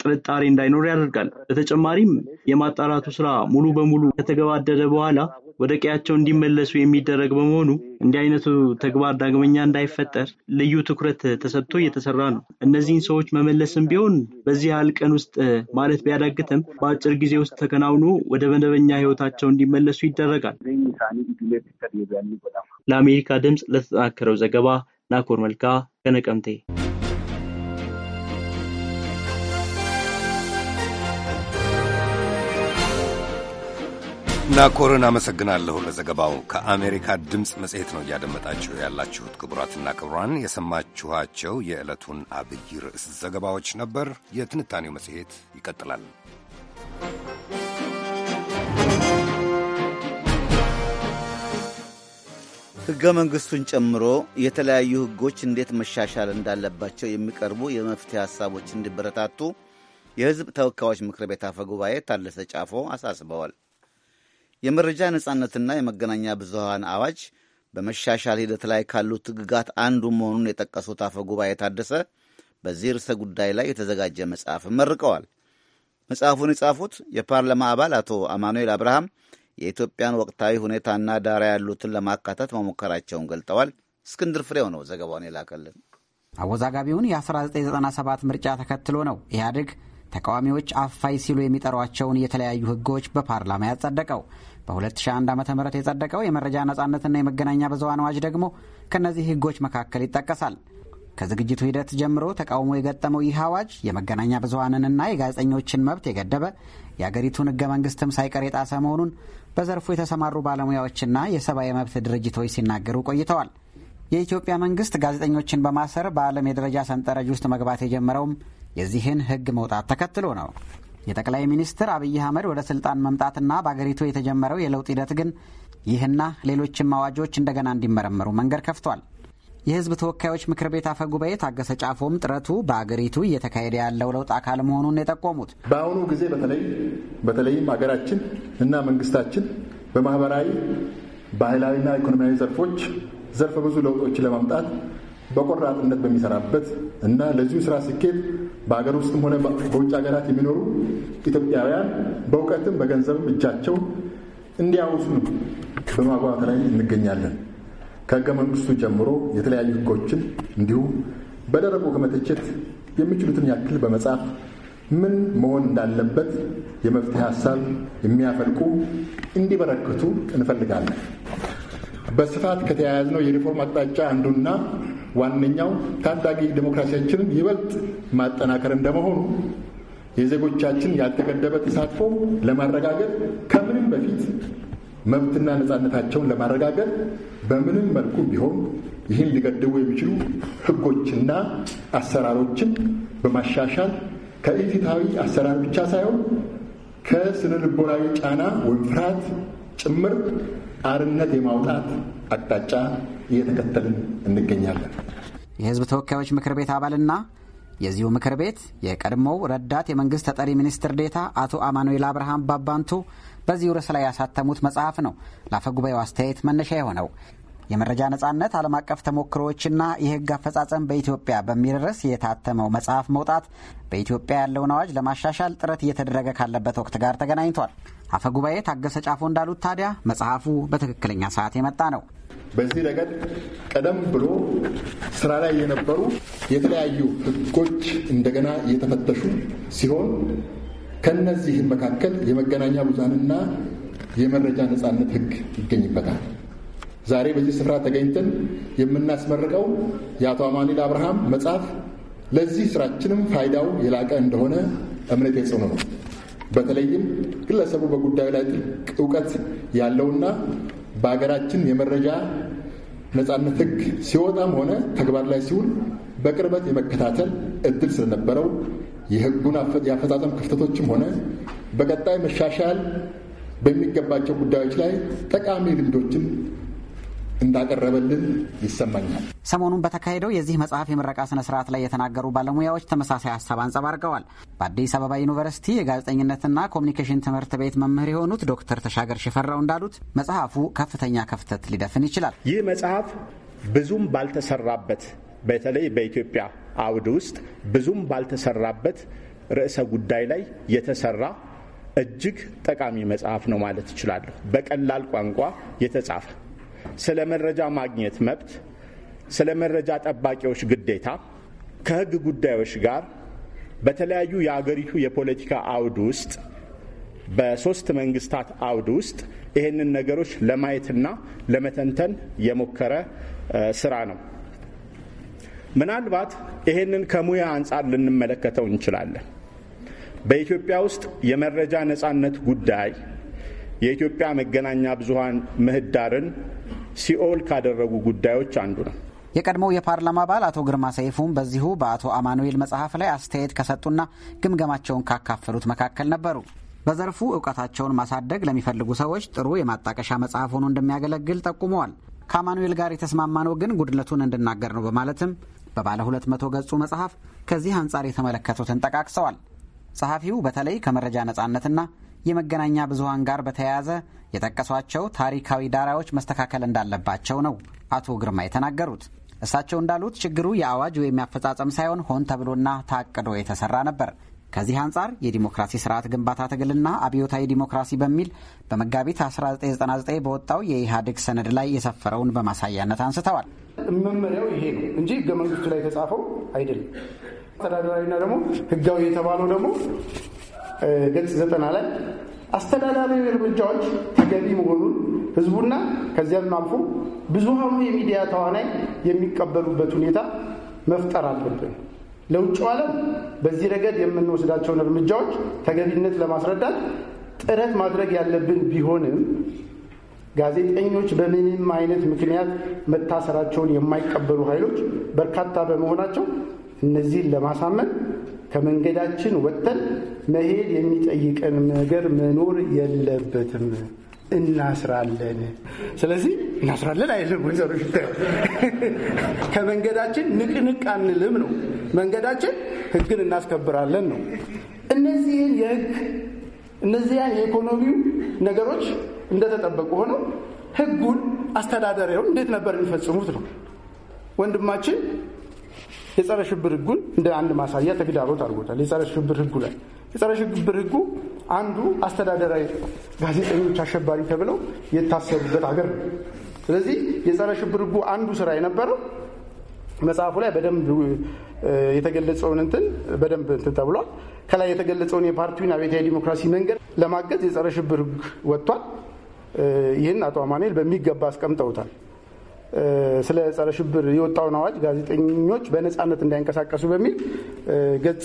ጥርጣሬ እንዳይኖር ያደርጋል። በተጨማሪም የማጣራቱ ስራ ሙሉ በሙሉ ከተገባደደ በኋላ ወደ ቀያቸው እንዲመለሱ የሚደረግ በመሆኑ እንዲህ አይነቱ ተግባር ዳግመኛ እንዳይፈጠር ልዩ ትኩረት ተሰጥቶ እየተሰራ ነው። እነዚህን ሰዎች መመለስም ቢሆን በዚህ ያህል ቀን ውስጥ ማለት ቢያዳግትም በአጭር ጊዜ ውስጥ ተከናውኖ ወደ መደበኛ ህይወታቸው እንዲመለሱ ይደረጋል። ለአሜሪካ ድምፅ ለተጠናከረው ዘገባ ናኮር መልካ ከነቀምቴ ናኮርን አመሰግናለሁ ለዘገባው። ከአሜሪካ ድምፅ መጽሔት ነው እያደመጣችሁ ያላችሁት። ክቡራትና ክቡራን የሰማችኋቸው የዕለቱን አብይ ርዕስ ዘገባዎች ነበር። የትንታኔው መጽሔት ይቀጥላል። ሕገ መንግሥቱን ጨምሮ የተለያዩ ሕጎች እንዴት መሻሻል እንዳለባቸው የሚቀርቡ የመፍትሄ ሐሳቦች እንዲበረታቱ የሕዝብ ተወካዮች ምክር ቤት አፈ ጉባኤ ታለሰ ጫፎ አሳስበዋል። የመረጃ ነጻነትና የመገናኛ ብዙሃን አዋጅ በመሻሻል ሂደት ላይ ካሉት ትግጋት አንዱ መሆኑን የጠቀሱት አፈ ጉባኤ ታደሰ በዚህ ርዕሰ ጉዳይ ላይ የተዘጋጀ መጽሐፍ መርቀዋል። መጽሐፉን የጻፉት የፓርላማ አባል አቶ አማኑኤል አብርሃም የኢትዮጵያን ወቅታዊ ሁኔታና ዳራ ያሉትን ለማካተት መሞከራቸውን ገልጠዋል። እስክንድር ፍሬው ነው ዘገባውን የላከልን። አወዛጋቢውን የ1997 ምርጫ ተከትሎ ነው ኢህአዴግ ተቃዋሚዎች አፋይ ሲሉ የሚጠሯቸውን የተለያዩ ህጎች በፓርላማ ያጸደቀው። በ2001 ዓ ም የጸደቀው የመረጃ ነጻነትና የመገናኛ ብዙሃን አዋጅ ደግሞ ከእነዚህ ህጎች መካከል ይጠቀሳል። ከዝግጅቱ ሂደት ጀምሮ ተቃውሞ የገጠመው ይህ አዋጅ የመገናኛ ብዙሃንንና የጋዜጠኞችን መብት የገደበ የአገሪቱን ህገ መንግስትም ሳይቀር የጣሰ መሆኑን በዘርፉ የተሰማሩ ባለሙያዎችና የሰብአዊ መብት ድርጅቶች ሲናገሩ ቆይተዋል። የኢትዮጵያ መንግስት ጋዜጠኞችን በማሰር በዓለም የደረጃ ሰንጠረዥ ውስጥ መግባት የጀመረውም የዚህን ህግ መውጣት ተከትሎ ነው። የጠቅላይ ሚኒስትር አብይ አህመድ ወደ ስልጣን መምጣትና በአገሪቱ የተጀመረው የለውጥ ሂደት ግን ይህና ሌሎችም አዋጆች እንደገና እንዲመረመሩ መንገድ ከፍቷል። የህዝብ ተወካዮች ምክር ቤት አፈ ጉባኤ ታገሰ ጫፎም ጥረቱ በአገሪቱ እየተካሄደ ያለው ለውጥ አካል መሆኑን የጠቆሙት በአሁኑ ጊዜ በተለይ በተለይም አገራችን እና መንግስታችን በማህበራዊ ባህላዊና ኢኮኖሚያዊ ዘርፎች ዘርፈ ብዙ ለውጦችን ለማምጣት በቆራጥነት በሚሰራበት እና ለዚሁ ስራ ስኬት በሀገር ውስጥም ሆነ በውጭ ሀገራት የሚኖሩ ኢትዮጵያውያን በእውቀትም በገንዘብም እጃቸው እንዲያውሱ በማጓት ላይ እንገኛለን። ከህገ መንግስቱ ጀምሮ የተለያዩ ህጎችን እንዲሁ በደረቁ ከመተቸት የሚችሉትን ያክል በመጻፍ ምን መሆን እንዳለበት የመፍትሄ ሀሳብ የሚያፈልቁ እንዲበረክቱ እንፈልጋለን። በስፋት ከተያያዝነው የሪፎርም አቅጣጫ አንዱና ዋነኛው ታዳጊ ዲሞክራሲያችንን ይበልጥ ማጠናከር እንደመሆኑ የዜጎቻችን ያልተገደበ ተሳትፎ ለማረጋገጥ ከምንም በፊት መብትና ነፃነታቸውን ለማረጋገጥ በምንም መልኩ ቢሆን ይህን ሊገድቡ የሚችሉ ሕጎችና አሰራሮችን በማሻሻል ከኢትታዊ አሰራር ብቻ ሳይሆን ከስነ ልቦናዊ ጫና ወይም ፍርሃት ጭምር አርነት የማውጣት አቅጣጫ እየተከተልን እንገኛለን። የህዝብ ተወካዮች ምክር ቤት አባልና የዚሁ ምክር ቤት የቀድሞው ረዳት የመንግስት ተጠሪ ሚኒስትር ዴታ አቶ አማኑኤል አብርሃም ባባንቱ በዚሁ ርዕስ ላይ ያሳተሙት መጽሐፍ ነው ጉባኤው አስተያየት መነሻ የሆነው። የመረጃ ነጻነት ዓለም አቀፍ ተሞክሮዎችና የህግ አፈጻጸም በኢትዮጵያ በሚል ርዕስ የታተመው መጽሐፍ መውጣት በኢትዮጵያ ያለውን አዋጅ ለማሻሻል ጥረት እየተደረገ ካለበት ወቅት ጋር ተገናኝቷል። አፈ ጉባኤ ታገሰ ጫፎ እንዳሉት ታዲያ መጽሐፉ በትክክለኛ ሰዓት የመጣ ነው። በዚህ ረገድ ቀደም ብሎ ስራ ላይ የነበሩ የተለያዩ ህጎች እንደገና እየተፈተሹ ሲሆን ከነዚህም መካከል የመገናኛ ብዙሃንና የመረጃ ነጻነት ህግ ይገኝበታል። ዛሬ በዚህ ስፍራ ተገኝተን የምናስመርቀው የአቶ አማኒል አብርሃም መጽሐፍ ለዚህ ስራችንም ፋይዳው የላቀ እንደሆነ እምነት የጽኑ ነው። በተለይም ግለሰቡ በጉዳዩ ላይ ጥልቅ እውቀት ያለውና በሀገራችን የመረጃ ነጻነት ሕግ ሲወጣም ሆነ ተግባር ላይ ሲውል በቅርበት የመከታተል እድል ስለነበረው የሕጉን የአፈጻጸም ክፍተቶችም ሆነ በቀጣይ መሻሻል በሚገባቸው ጉዳዮች ላይ ጠቃሚ ልምዶችን እንዳቀረበልን ይሰማኛል። ሰሞኑን በተካሄደው የዚህ መጽሐፍ የምረቃ ስነ ስርዓት ላይ የተናገሩ ባለሙያዎች ተመሳሳይ ሀሳብ አንጸባርቀዋል። በአዲስ አበባ ዩኒቨርሲቲ የጋዜጠኝነትና ኮሚኒኬሽን ትምህርት ቤት መምህር የሆኑት ዶክተር ተሻገር ሽፈራው እንዳሉት መጽሐፉ ከፍተኛ ክፍተት ሊደፍን ይችላል። ይህ መጽሐፍ ብዙም ባልተሰራበት በተለይ በኢትዮጵያ አውድ ውስጥ ብዙም ባልተሰራበት ርዕሰ ጉዳይ ላይ የተሰራ እጅግ ጠቃሚ መጽሐፍ ነው ማለት እችላለሁ። በቀላል ቋንቋ የተጻፈ ስለ መረጃ ማግኘት መብት፣ ስለ መረጃ ጠባቂዎች ግዴታ ከህግ ጉዳዮች ጋር በተለያዩ የአገሪቱ የፖለቲካ አውድ ውስጥ በሶስት መንግስታት አውድ ውስጥ ይህንን ነገሮች ለማየትና ለመተንተን የሞከረ ስራ ነው። ምናልባት ይህንን ከሙያ አንጻር ልንመለከተው እንችላለን። በኢትዮጵያ ውስጥ የመረጃ ነጻነት ጉዳይ የኢትዮጵያ መገናኛ ብዙሃን ምህዳርን ሲኦል ካደረጉ ጉዳዮች አንዱ ነው። የቀድሞው የፓርላማ አባል አቶ ግርማ ሰይፉም በዚሁ በአቶ አማኑኤል መጽሐፍ ላይ አስተያየት ከሰጡና ግምገማቸውን ካካፈሉት መካከል ነበሩ። በዘርፉ እውቀታቸውን ማሳደግ ለሚፈልጉ ሰዎች ጥሩ የማጣቀሻ መጽሐፍ ሆኖ እንደሚያገለግል ጠቁመዋል። ከአማኑኤል ጋር የተስማማ ነው ግን ጉድለቱን እንድናገር ነው በማለትም በባለ ሁለት መቶ ገጹ መጽሐፍ ከዚህ አንጻር የተመለከቱትን ጠቃቅሰዋል። ጸሐፊው በተለይ ከመረጃ ነጻነትና የመገናኛ ብዙሃን ጋር በተያያዘ የጠቀሷቸው ታሪካዊ ዳራዎች መስተካከል እንዳለባቸው ነው አቶ ግርማ የተናገሩት። እሳቸው እንዳሉት ችግሩ የአዋጅ ወይም ያፈጻጸም ሳይሆን ሆን ተብሎና ታቅዶ የተሰራ ነበር። ከዚህ አንጻር የዲሞክራሲ ስርዓት ግንባታ ትግልና አብዮታዊ ዲሞክራሲ በሚል በመጋቢት 1999 በወጣው የኢህአዴግ ሰነድ ላይ የሰፈረውን በማሳያነት አንስተዋል። መመሪያው ይሄ ነው እንጂ ህገ መንግስቱ ላይ የተጻፈው አይደለም። አስተዳደራዊና ደግሞ ህጋዊ የተባለው ደግሞ ገጽ ዘጠና ላይ አስተዳዳሪዊ እርምጃዎች ተገቢ መሆኑን ህዝቡና ከዚያም አልፎ ብዙሃኑ የሚዲያ ተዋናይ የሚቀበሉበት ሁኔታ መፍጠር አለብን። ለውጭው ዓለም በዚህ ረገድ የምንወስዳቸውን እርምጃዎች ተገቢነት ለማስረዳት ጥረት ማድረግ ያለብን ቢሆንም ጋዜጠኞች በምንም አይነት ምክንያት መታሰራቸውን የማይቀበሉ ኃይሎች በርካታ በመሆናቸው እነዚህን ለማሳመን ከመንገዳችን ወጥተን መሄድ የሚጠይቀን ነገር መኖር የለበትም። እናስራለን። ስለዚህ እናስራለን አይልም። ወይዘሮ [laughs] ከመንገዳችን ንቅንቅ አንልም ነው። መንገዳችን ህግን እናስከብራለን ነው። እነዚህን የህግ እነዚያን የኢኮኖሚው ነገሮች እንደተጠበቁ ሆነው ህጉን አስተዳደሪያውን እንዴት ነበር የሚፈጽሙት ነው ወንድማችን የጸረ ሽብር ህጉን እንደ አንድ ማሳያ ተግዳሮት አድርጎታል። የጸረ ሽብር ህጉ ላይ የጸረ ሽብር ህጉ አንዱ አስተዳደራዊ ጋዜጠኞች አሸባሪ ተብለው የታሰሩበት ሀገር ነው። ስለዚህ የጸረ ሽብር ህጉ አንዱ ስራ የነበረው መጽሐፉ ላይ በደንብ የተገለጸውን እንትን በደንብ እንትን ተብሏል። ከላይ የተገለጸውን የፓርቲውን አቤታዊ ዲሞክራሲ መንገድ ለማገዝ የጸረ ሽብር ህግ ወጥቷል። ይህን አቶ አማኑኤል በሚገባ አስቀምጠውታል። ስለ ጸረ ሽብር የወጣውን አዋጅ ጋዜጠኞች በነፃነት እንዳይንቀሳቀሱ በሚል ገጽ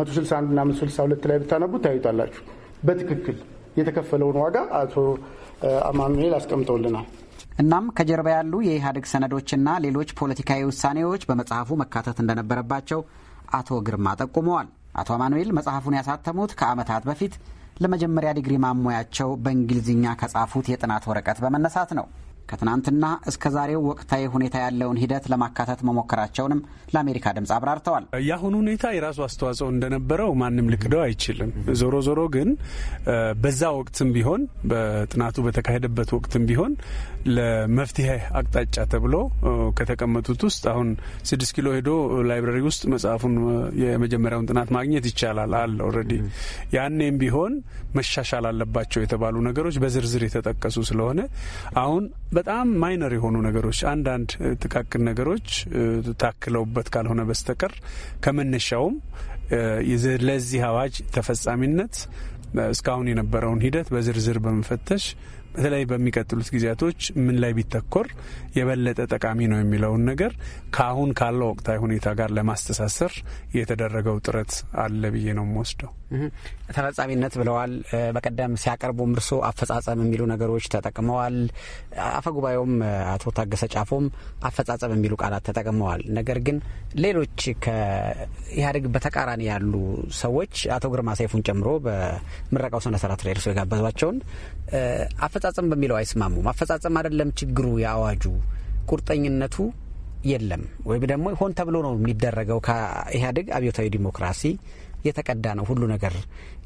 161ና 162 ላይ ብታነቡ ታዩታላችሁ። በትክክል የተከፈለውን ዋጋ አቶ አማኑኤል አስቀምጠውልናል። እናም ከጀርባ ያሉ የኢህአዴግ ሰነዶችና ሌሎች ፖለቲካዊ ውሳኔዎች በመጽሐፉ መካተት እንደነበረባቸው አቶ ግርማ ጠቁመዋል። አቶ አማኑኤል መጽሐፉን ያሳተሙት ከዓመታት በፊት ለመጀመሪያ ዲግሪ ማሞያቸው በእንግሊዝኛ ከጻፉት የጥናት ወረቀት በመነሳት ነው። ከትናንትና እስከ ዛሬው ወቅታዊ ሁኔታ ያለውን ሂደት ለማካተት መሞከራቸውንም ለአሜሪካ ድምፅ አብራርተዋል። የአሁኑ ሁኔታ የራሱ አስተዋጽኦ እንደነበረው ማንም ልክደው አይችልም። ዞሮ ዞሮ ግን በዛ ወቅትም ቢሆን በጥናቱ በተካሄደበት ወቅትም ቢሆን ለመፍትሄ አቅጣጫ ተብሎ ከተቀመጡት ውስጥ አሁን ስድስት ኪሎ ሄዶ ላይብረሪ ውስጥ መጽሐፉን የመጀመሪያውን ጥናት ማግኘት ይቻላል አለ ኦልሬዲ። ያኔም ቢሆን መሻሻል አለባቸው የተባሉ ነገሮች በዝርዝር የተጠቀሱ ስለሆነ አሁን በጣም ማይነር የሆኑ ነገሮች አንዳንድ ጥቃቅን ነገሮች ታክለውበት ካልሆነ በስተቀር ከመነሻውም ለዚህ አዋጅ ተፈጻሚነት እስካሁን የነበረውን ሂደት በዝርዝር በመፈተሽ በተለይ በሚቀጥሉት ጊዜያቶች ምን ላይ ቢተኮር የበለጠ ጠቃሚ ነው የሚለውን ነገር ከአሁን ካለው ወቅታዊ ሁኔታ ጋር ለማስተሳሰር የተደረገው ጥረት አለ ብዬ ነው የምወስደው። ተፈጻሚነት ብለዋል። በቀደም ሲያቀርቡም እርሶ አፈጻጸም የሚሉ ነገሮች ተጠቅመዋል። አፈጉባኤውም አቶ ታገሰ ጫፎም አፈጻጸም የሚሉ ቃላት ተጠቅመዋል። ነገር ግን ሌሎች ከኢህአዴግ በተቃራኒ ያሉ ሰዎች አቶ ግርማ ሰይፉን ጨምሮ በምረቃው ስነ ስርዓት ላይ እርሶ የጋበዟቸውን አፈጻጸም በሚለው አይስማሙም። አፈጻጸም አይደለም ችግሩ፣ የአዋጁ ቁርጠኝነቱ የለም ወይም ደግሞ ሆን ተብሎ ነው የሚደረገው ከኢህአዴግ አብዮታዊ ዲሞክራሲ የተቀዳ ነው ሁሉ ነገር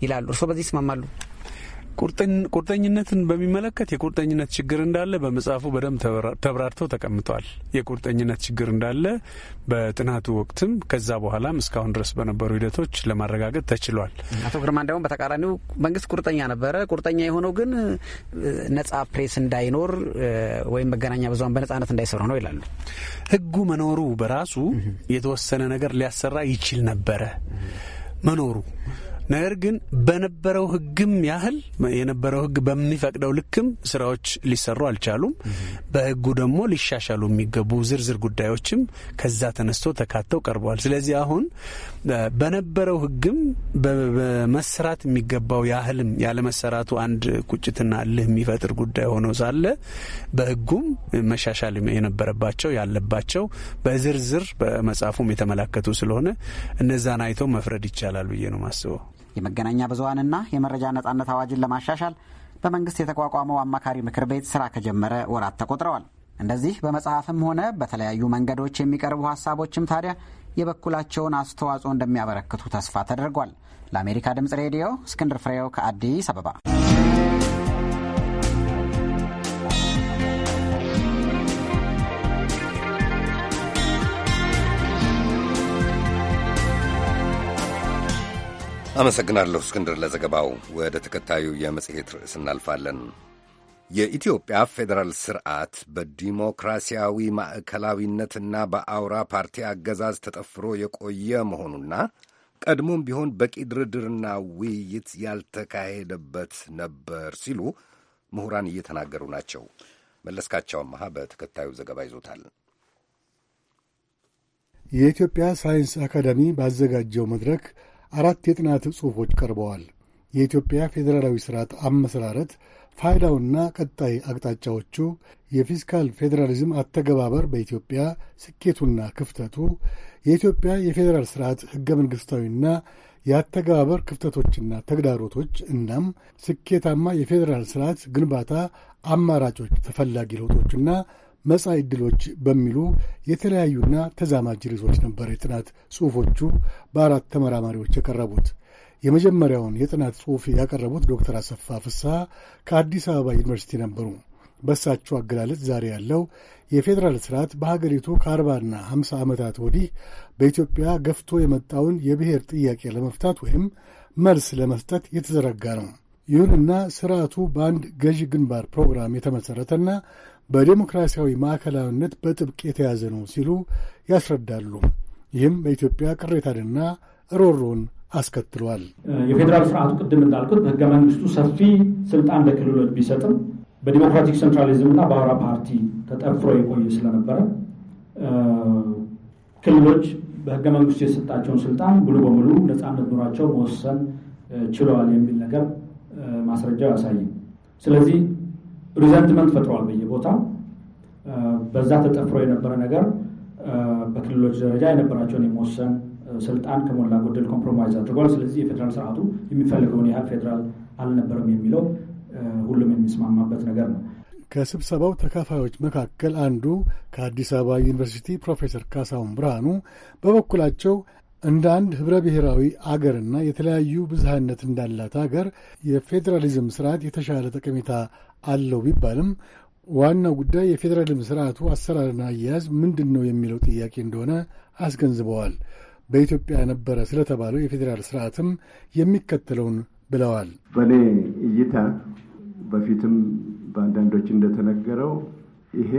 ይላሉ። እርስዎ በዚህ ይስማማሉ? ቁርጠኝነትን በሚመለከት የቁርጠኝነት ችግር እንዳለ በመጽሐፉ በደንብ ተብራርቶ ተቀምጧል። የቁርጠኝነት ችግር እንዳለ በጥናቱ ወቅትም ከዛ በኋላም እስካሁን ድረስ በነበሩ ሂደቶች ለማረጋገጥ ተችሏል። አቶ ግርማ እንዲያውም በተቃራኒው መንግስት ቁርጠኛ ነበረ። ቁርጠኛ የሆነው ግን ነጻ ፕሬስ እንዳይኖር ወይም መገናኛ ብዙሃን በነጻነት እንዳይሰሩ ነው ይላሉ። ህጉ መኖሩ በራሱ የተወሰነ ነገር ሊያሰራ ይችል ነበረ መኖሩ ነገር ግን በነበረው ህግም ያህል የነበረው ህግ በሚፈቅደው ልክም ስራዎች ሊሰሩ አልቻሉም። በህጉ ደግሞ ሊሻሻሉ የሚገቡ ዝርዝር ጉዳዮችም ከዛ ተነስቶ ተካተው ቀርበዋል። ስለዚህ አሁን በነበረው ህግም በመሰራት የሚገባው ያህልም ያለመሰራቱ አንድ ቁጭትና እልህ የሚፈጥር ጉዳይ ሆኖ ሳለ በህጉም መሻሻል የነበረባቸው ያለባቸው በዝርዝር በመጽሐፉም የተመላከቱ ስለሆነ እነዛን አይቶ መፍረድ ይቻላል ብዬ ነው ማስበው። የመገናኛ ብዙሀንና የመረጃ ነጻነት አዋጅን ለማሻሻል በመንግስት የተቋቋመው አማካሪ ምክር ቤት ስራ ከጀመረ ወራት ተቆጥረዋል። እንደዚህ በመጽሐፍም ሆነ በተለያዩ መንገዶች የሚቀርቡ ሀሳቦችም ታዲያ የበኩላቸውን አስተዋጽኦ እንደሚያበረክቱ ተስፋ ተደርጓል። ለአሜሪካ ድምጽ ሬዲዮ እስክንድር ፍሬው ከአዲስ አበባ አመሰግናለሁ እስክንድር ለዘገባው። ወደ ተከታዩ የመጽሔት ርዕስ እናልፋለን። የኢትዮጵያ ፌዴራል ስርዓት በዲሞክራሲያዊ ማዕከላዊነትና በአውራ ፓርቲ አገዛዝ ተጠፍሮ የቆየ መሆኑና ቀድሞም ቢሆን በቂ ድርድርና ውይይት ያልተካሄደበት ነበር ሲሉ ምሁራን እየተናገሩ ናቸው። መለስካቸው አመሃ በተከታዩ ዘገባ ይዞታል። የኢትዮጵያ ሳይንስ አካዳሚ ባዘጋጀው መድረክ አራት የጥናት ጽሑፎች ቀርበዋል። የኢትዮጵያ ፌዴራላዊ ስርዓት አመሰራረት ፋይዳውና ቀጣይ አቅጣጫዎቹ፣ የፊስካል ፌዴራሊዝም አተገባበር በኢትዮጵያ ስኬቱና ክፍተቱ፣ የኢትዮጵያ የፌዴራል ስርዓት ሕገ መንግሥታዊና የአተገባበር ክፍተቶችና ተግዳሮቶች፣ እናም ስኬታማ የፌዴራል ስርዓት ግንባታ አማራጮች፣ ተፈላጊ ለውጦችና መጻኢ ዕድሎች በሚሉ የተለያዩና ተዛማጅ ርዕሶች ነበር የጥናት ጽሑፎቹ በአራት ተመራማሪዎች የቀረቡት። የመጀመሪያውን የጥናት ጽሑፍ ያቀረቡት ዶክተር አሰፋ ፍስሐ ከአዲስ አበባ ዩኒቨርሲቲ ነበሩ። በእሳቸው አገላለጽ ዛሬ ያለው የፌዴራል ስርዓት በሀገሪቱ ከአርባና ሀምሳ ዓመታት ወዲህ በኢትዮጵያ ገፍቶ የመጣውን የብሔር ጥያቄ ለመፍታት ወይም መልስ ለመስጠት የተዘረጋ ነው። ይሁንና ስርዓቱ በአንድ ገዢ ግንባር ፕሮግራም የተመሠረተና በዴሞክራሲያዊ ማዕከላዊነት በጥብቅ የተያዘ ነው ሲሉ ያስረዳሉ። ይህም በኢትዮጵያ ቅሬታንና ሮሮን አስከትሏል። የፌዴራል ስርዓቱ ቅድም እንዳልኩት በህገ መንግስቱ ሰፊ ስልጣን ለክልሎች ቢሰጥም በዲሞክራቲክ ሴንትራሊዝም እና በአውራ ፓርቲ ተጠፍሮ የቆየ ስለነበረ ክልሎች በህገ መንግስቱ የሰጣቸውን ስልጣን ሙሉ በሙሉ ነፃነት ኑሯቸው መወሰን ችለዋል የሚል ነገር ማስረጃው ያሳይም። ስለዚህ ሪዘንትመንት ፈጥሯል በየቦታ በዛ ተጠፍሮ የነበረ ነገር በክልሎች ደረጃ የነበራቸውን የመወሰን ስልጣን ከሞላ ጎደል ኮምፕሮማይዝ አድርጓል። ስለዚህ የፌዴራል ስርዓቱ የሚፈልገውን ያህል ፌዴራል አልነበረም የሚለው ሁሉም የሚስማማበት ነገር ነው። ከስብሰባው ተካፋዮች መካከል አንዱ ከአዲስ አበባ ዩኒቨርሲቲ ፕሮፌሰር ካሳሁን ብርሃኑ በበኩላቸው እንደ አንድ ኅብረ ብሔራዊ አገርና የተለያዩ ብዝሃነት እንዳላት አገር የፌዴራሊዝም ስርዓት የተሻለ ጠቀሜታ አለው ቢባልም ዋናው ጉዳይ የፌዴራልም ስርዓቱ አሰራርና አያያዝ ምንድን ነው የሚለው ጥያቄ እንደሆነ አስገንዝበዋል። በኢትዮጵያ ነበረ ስለተባለው የፌዴራል ስርዓትም የሚከተለውን ብለዋል። በእኔ እይታ በፊትም በአንዳንዶች እንደተነገረው ይሄ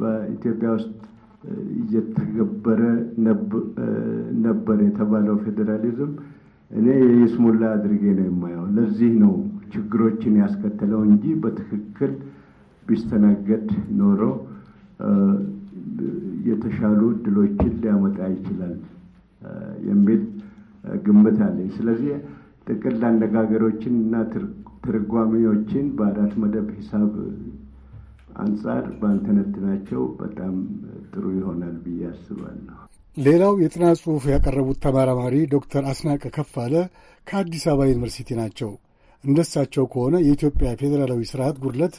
በኢትዮጵያ ውስጥ እየተገበረ ነበር የተባለው ፌዴራሊዝም እኔ የይስሙላ አድርጌ ነው የማየው። ለዚህ ነው ችግሮችን ያስከተለው እንጂ በትክክል ቢስተናገድ ኖሮ የተሻሉ እድሎችን ሊያመጣ ይችላል የሚል ግምት አለኝ። ስለዚህ ጥቅል አነጋገሮችን እና ትርጓሚዎችን በአራት መደብ ሂሳብ አንጻር ባንተነትናቸው በጣም ጥሩ ይሆናል ብዬ አስባለሁ። ሌላው የጥናት ጽሑፍ ያቀረቡት ተመራማሪ ዶክተር አስናቀ ከፋለ ከአዲስ አበባ ዩኒቨርሲቲ ናቸው። እንደሳቸው ከሆነ የኢትዮጵያ ፌዴራላዊ ስርዓት ጉድለት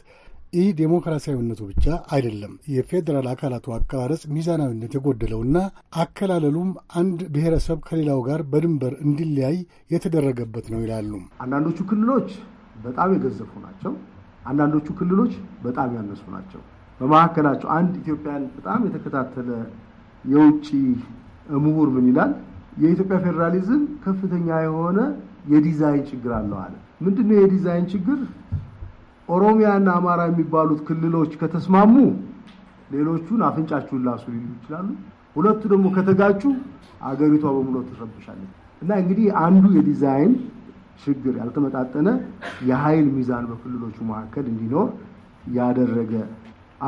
ኢ ዴሞክራሲያዊነቱ ብቻ አይደለም። የፌዴራል አካላቱ አቀራረጽ ሚዛናዊነት የጎደለውና አከላለሉም አንድ ብሔረሰብ ከሌላው ጋር በድንበር እንዲለያይ የተደረገበት ነው ይላሉ። አንዳንዶቹ ክልሎች በጣም የገዘፉ ናቸው። አንዳንዶቹ ክልሎች በጣም ያነሱ ናቸው። በመካከላቸው አንድ ኢትዮጵያን በጣም የተከታተለ የውጭ ምሁር ምን ይላል? የኢትዮጵያ ፌዴራሊዝም ከፍተኛ የሆነ የዲዛይን ችግር አለው አለ። ምንድነው የዲዛይን ችግር? ኦሮሚያና አማራ የሚባሉት ክልሎች ከተስማሙ ሌሎቹን አፍንጫችሁን ላሱ ሊሉ ይችላሉ። ሁለቱ ደግሞ ከተጋጩ አገሪቷ በሙሉ ትረብሻለች። እና እንግዲህ አንዱ የዲዛይን ችግር ያልተመጣጠነ የኃይል ሚዛን በክልሎቹ መካከል እንዲኖር ያደረገ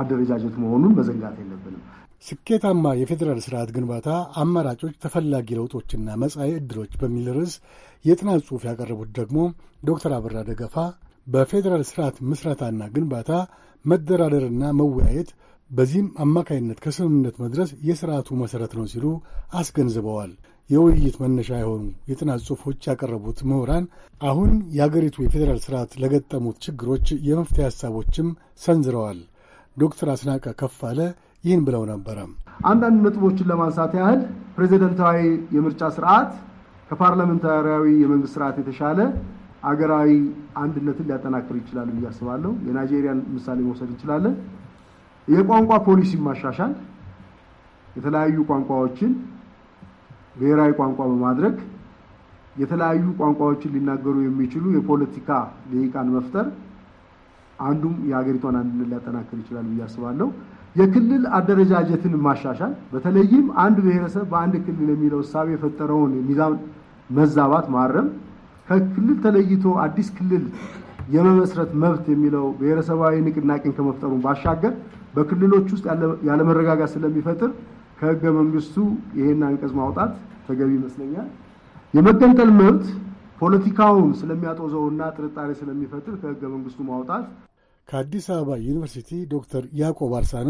አደረጃጀት መሆኑን መዘንጋት የለብንም። ስኬታማ የፌዴራል ስርዓት ግንባታ አማራጮች፣ ተፈላጊ ለውጦችና መጻኢ ዕድሎች በሚል ርዕስ የጥናት ጽሑፍ ያቀረቡት ደግሞ ዶክተር አበራ ደገፋ በፌዴራል ስርዓት ምስረታና ግንባታ መደራደርና መወያየት በዚህም አማካይነት ከስምምነት መድረስ የስርዓቱ መሠረት ነው ሲሉ አስገንዝበዋል። የውይይት መነሻ የሆኑ የጥናት ጽሑፎች ያቀረቡት ምሁራን አሁን የአገሪቱ የፌዴራል ስርዓት ለገጠሙት ችግሮች የመፍትሄ ሐሳቦችም ሰንዝረዋል። ዶክተር አስናቀ ከፋለ ይህን ብለው ነበረ። አንዳንድ ነጥቦችን ለማንሳት ያህል ፕሬዚደንታዊ የምርጫ ስርዓት ከፓርላመንታሪያዊ የመንግስት ስርዓት የተሻለ አገራዊ አንድነትን ሊያጠናክር ይችላል ብዬ አስባለሁ። የናይጄሪያን ምሳሌ መውሰድ እንችላለን። የቋንቋ ፖሊሲ ማሻሻል፣ የተለያዩ ቋንቋዎችን ብሔራዊ ቋንቋ በማድረግ የተለያዩ ቋንቋዎችን ሊናገሩ የሚችሉ የፖለቲካ ልሂቃን መፍጠር አንዱም የሀገሪቷን አንድነት ሊያጠናክር ይችላል ብዬ አስባለሁ። የክልል አደረጃጀትን ማሻሻል በተለይም አንድ ብሔረሰብ በአንድ ክልል የሚለው እሳቤ የፈጠረውን ሚዛን መዛባት ማረም፣ ከክልል ተለይቶ አዲስ ክልል የመመስረት መብት የሚለው ብሔረሰባዊ ንቅናቄን ከመፍጠሩ ባሻገር በክልሎች ውስጥ ያለመረጋጋት ስለሚፈጥር ከህገ መንግስቱ ይህን አንቀጽ ማውጣት ተገቢ ይመስለኛል። የመገንጠል መብት ፖለቲካውን ስለሚያጦዘውና ጥርጣሬ ስለሚፈጥር ከህገ መንግስቱ ማውጣት ከአዲስ አበባ ዩኒቨርሲቲ ዶክተር ያዕቆብ አርሳኖ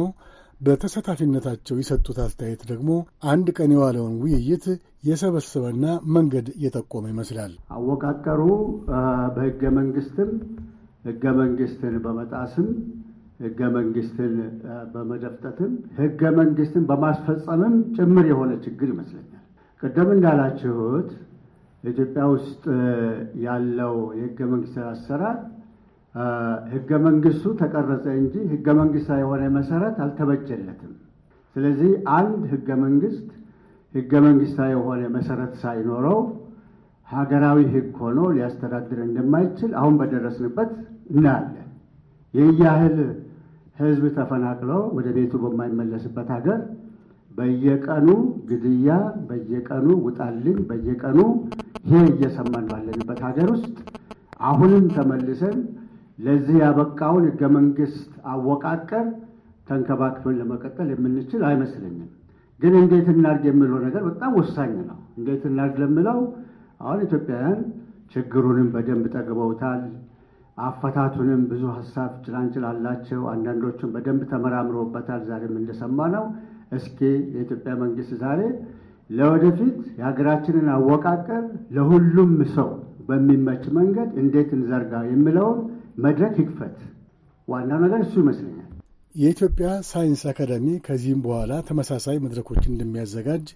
በተሳታፊነታቸው የሰጡት አስተያየት ደግሞ አንድ ቀን የዋለውን ውይይት የሰበሰበና መንገድ የጠቆመ ይመስላል። አወቃቀሩ በህገ መንግስትም ህገ መንግስትን በመጣስም ህገ መንግስትን በመደፍጠትም ህገ መንግስትን በማስፈጸምም ጭምር የሆነ ችግር ይመስለኛል። ቅድም እንዳላችሁት ኢትዮጵያ ውስጥ ያለው የህገ መንግስት አሰራር ህገ መንግስቱ ተቀረጸ እንጂ ህገ መንግስታዊ የሆነ መሰረት አልተበጀለትም። ስለዚህ አንድ ህገ መንግስት ህገ መንግስታዊ የሆነ መሰረት ሳይኖረው ሀገራዊ ህግ ሆኖ ሊያስተዳድር እንደማይችል አሁን በደረስንበት እናያለን። ይህ ያህል ህዝብ ተፈናቅሎ ወደ ቤቱ በማይመለስበት ሀገር በየቀኑ ግድያ፣ በየቀኑ ውጣልኝ፣ በየቀኑ ይህ እየሰማን ባለንበት ሀገር ውስጥ አሁንም ተመልሰን ለዚህ ያበቃውን ህገ መንግስት አወቃቀር ተንከባክበን ለመቀጠል የምንችል አይመስለኝም። ግን እንዴት እናድርግ የምለው ነገር በጣም ወሳኝ ነው። እንዴት እናድርግ ለምለው አሁን ኢትዮጵያውያን ችግሩንም በደንብ ጠግበውታል። አፈታቱንም ብዙ ሀሳብ ጭላንጭል አላቸው። አንዳንዶቹም በደንብ ተመራምረውበታል። ዛሬም እንደሰማ ነው። እስኪ የኢትዮጵያ መንግስት ዛሬ ለወደፊት የሀገራችንን አወቃቀር ለሁሉም ሰው በሚመች መንገድ እንዴት እንዘርጋ የሚለውን መድረክ ይክፈት። ዋናው ነገር እሱ ይመስለኛል። የኢትዮጵያ ሳይንስ አካዳሚ ከዚህም በኋላ ተመሳሳይ መድረኮች እንደሚያዘጋጅ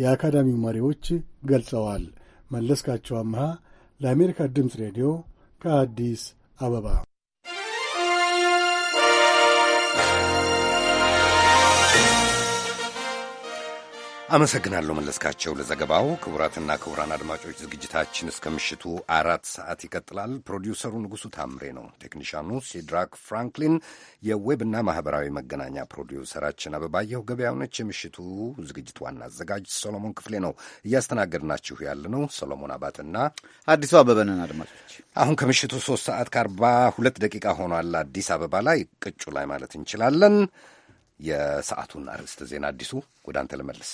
የአካዳሚው መሪዎች ገልጸዋል። መለስካቸው አምሃ ለአሜሪካ ድምፅ ሬዲዮ ከአዲስ አበባ አመሰግናለሁ መለስካቸው ለዘገባው። ክቡራትና ክቡራን አድማጮች ዝግጅታችን እስከ ምሽቱ አራት ሰዓት ይቀጥላል። ፕሮዲውሰሩ ንጉሡ ታምሬ ነው። ቴክኒሻኑ ሲድራክ ፍራንክሊን፣ የዌብና ማኅበራዊ መገናኛ ፕሮዲውሰራችን አበባየሁ ገበያው ነች። የምሽቱ ዝግጅት ዋና አዘጋጅ ሰሎሞን ክፍሌ ነው። እያስተናገድናችሁ ያለ ነው ሰሎሞን አባትና አዲሱ አበበንን። አድማጮች አሁን ከምሽቱ ሶስት ሰዓት ከአርባ ሁለት ደቂቃ ሆኗል። አዲስ አበባ ላይ ቅጩ ላይ ማለት እንችላለን። የሰዓቱን አርዕስተ ዜና አዲሱ ወደ አንተ ልመልስ።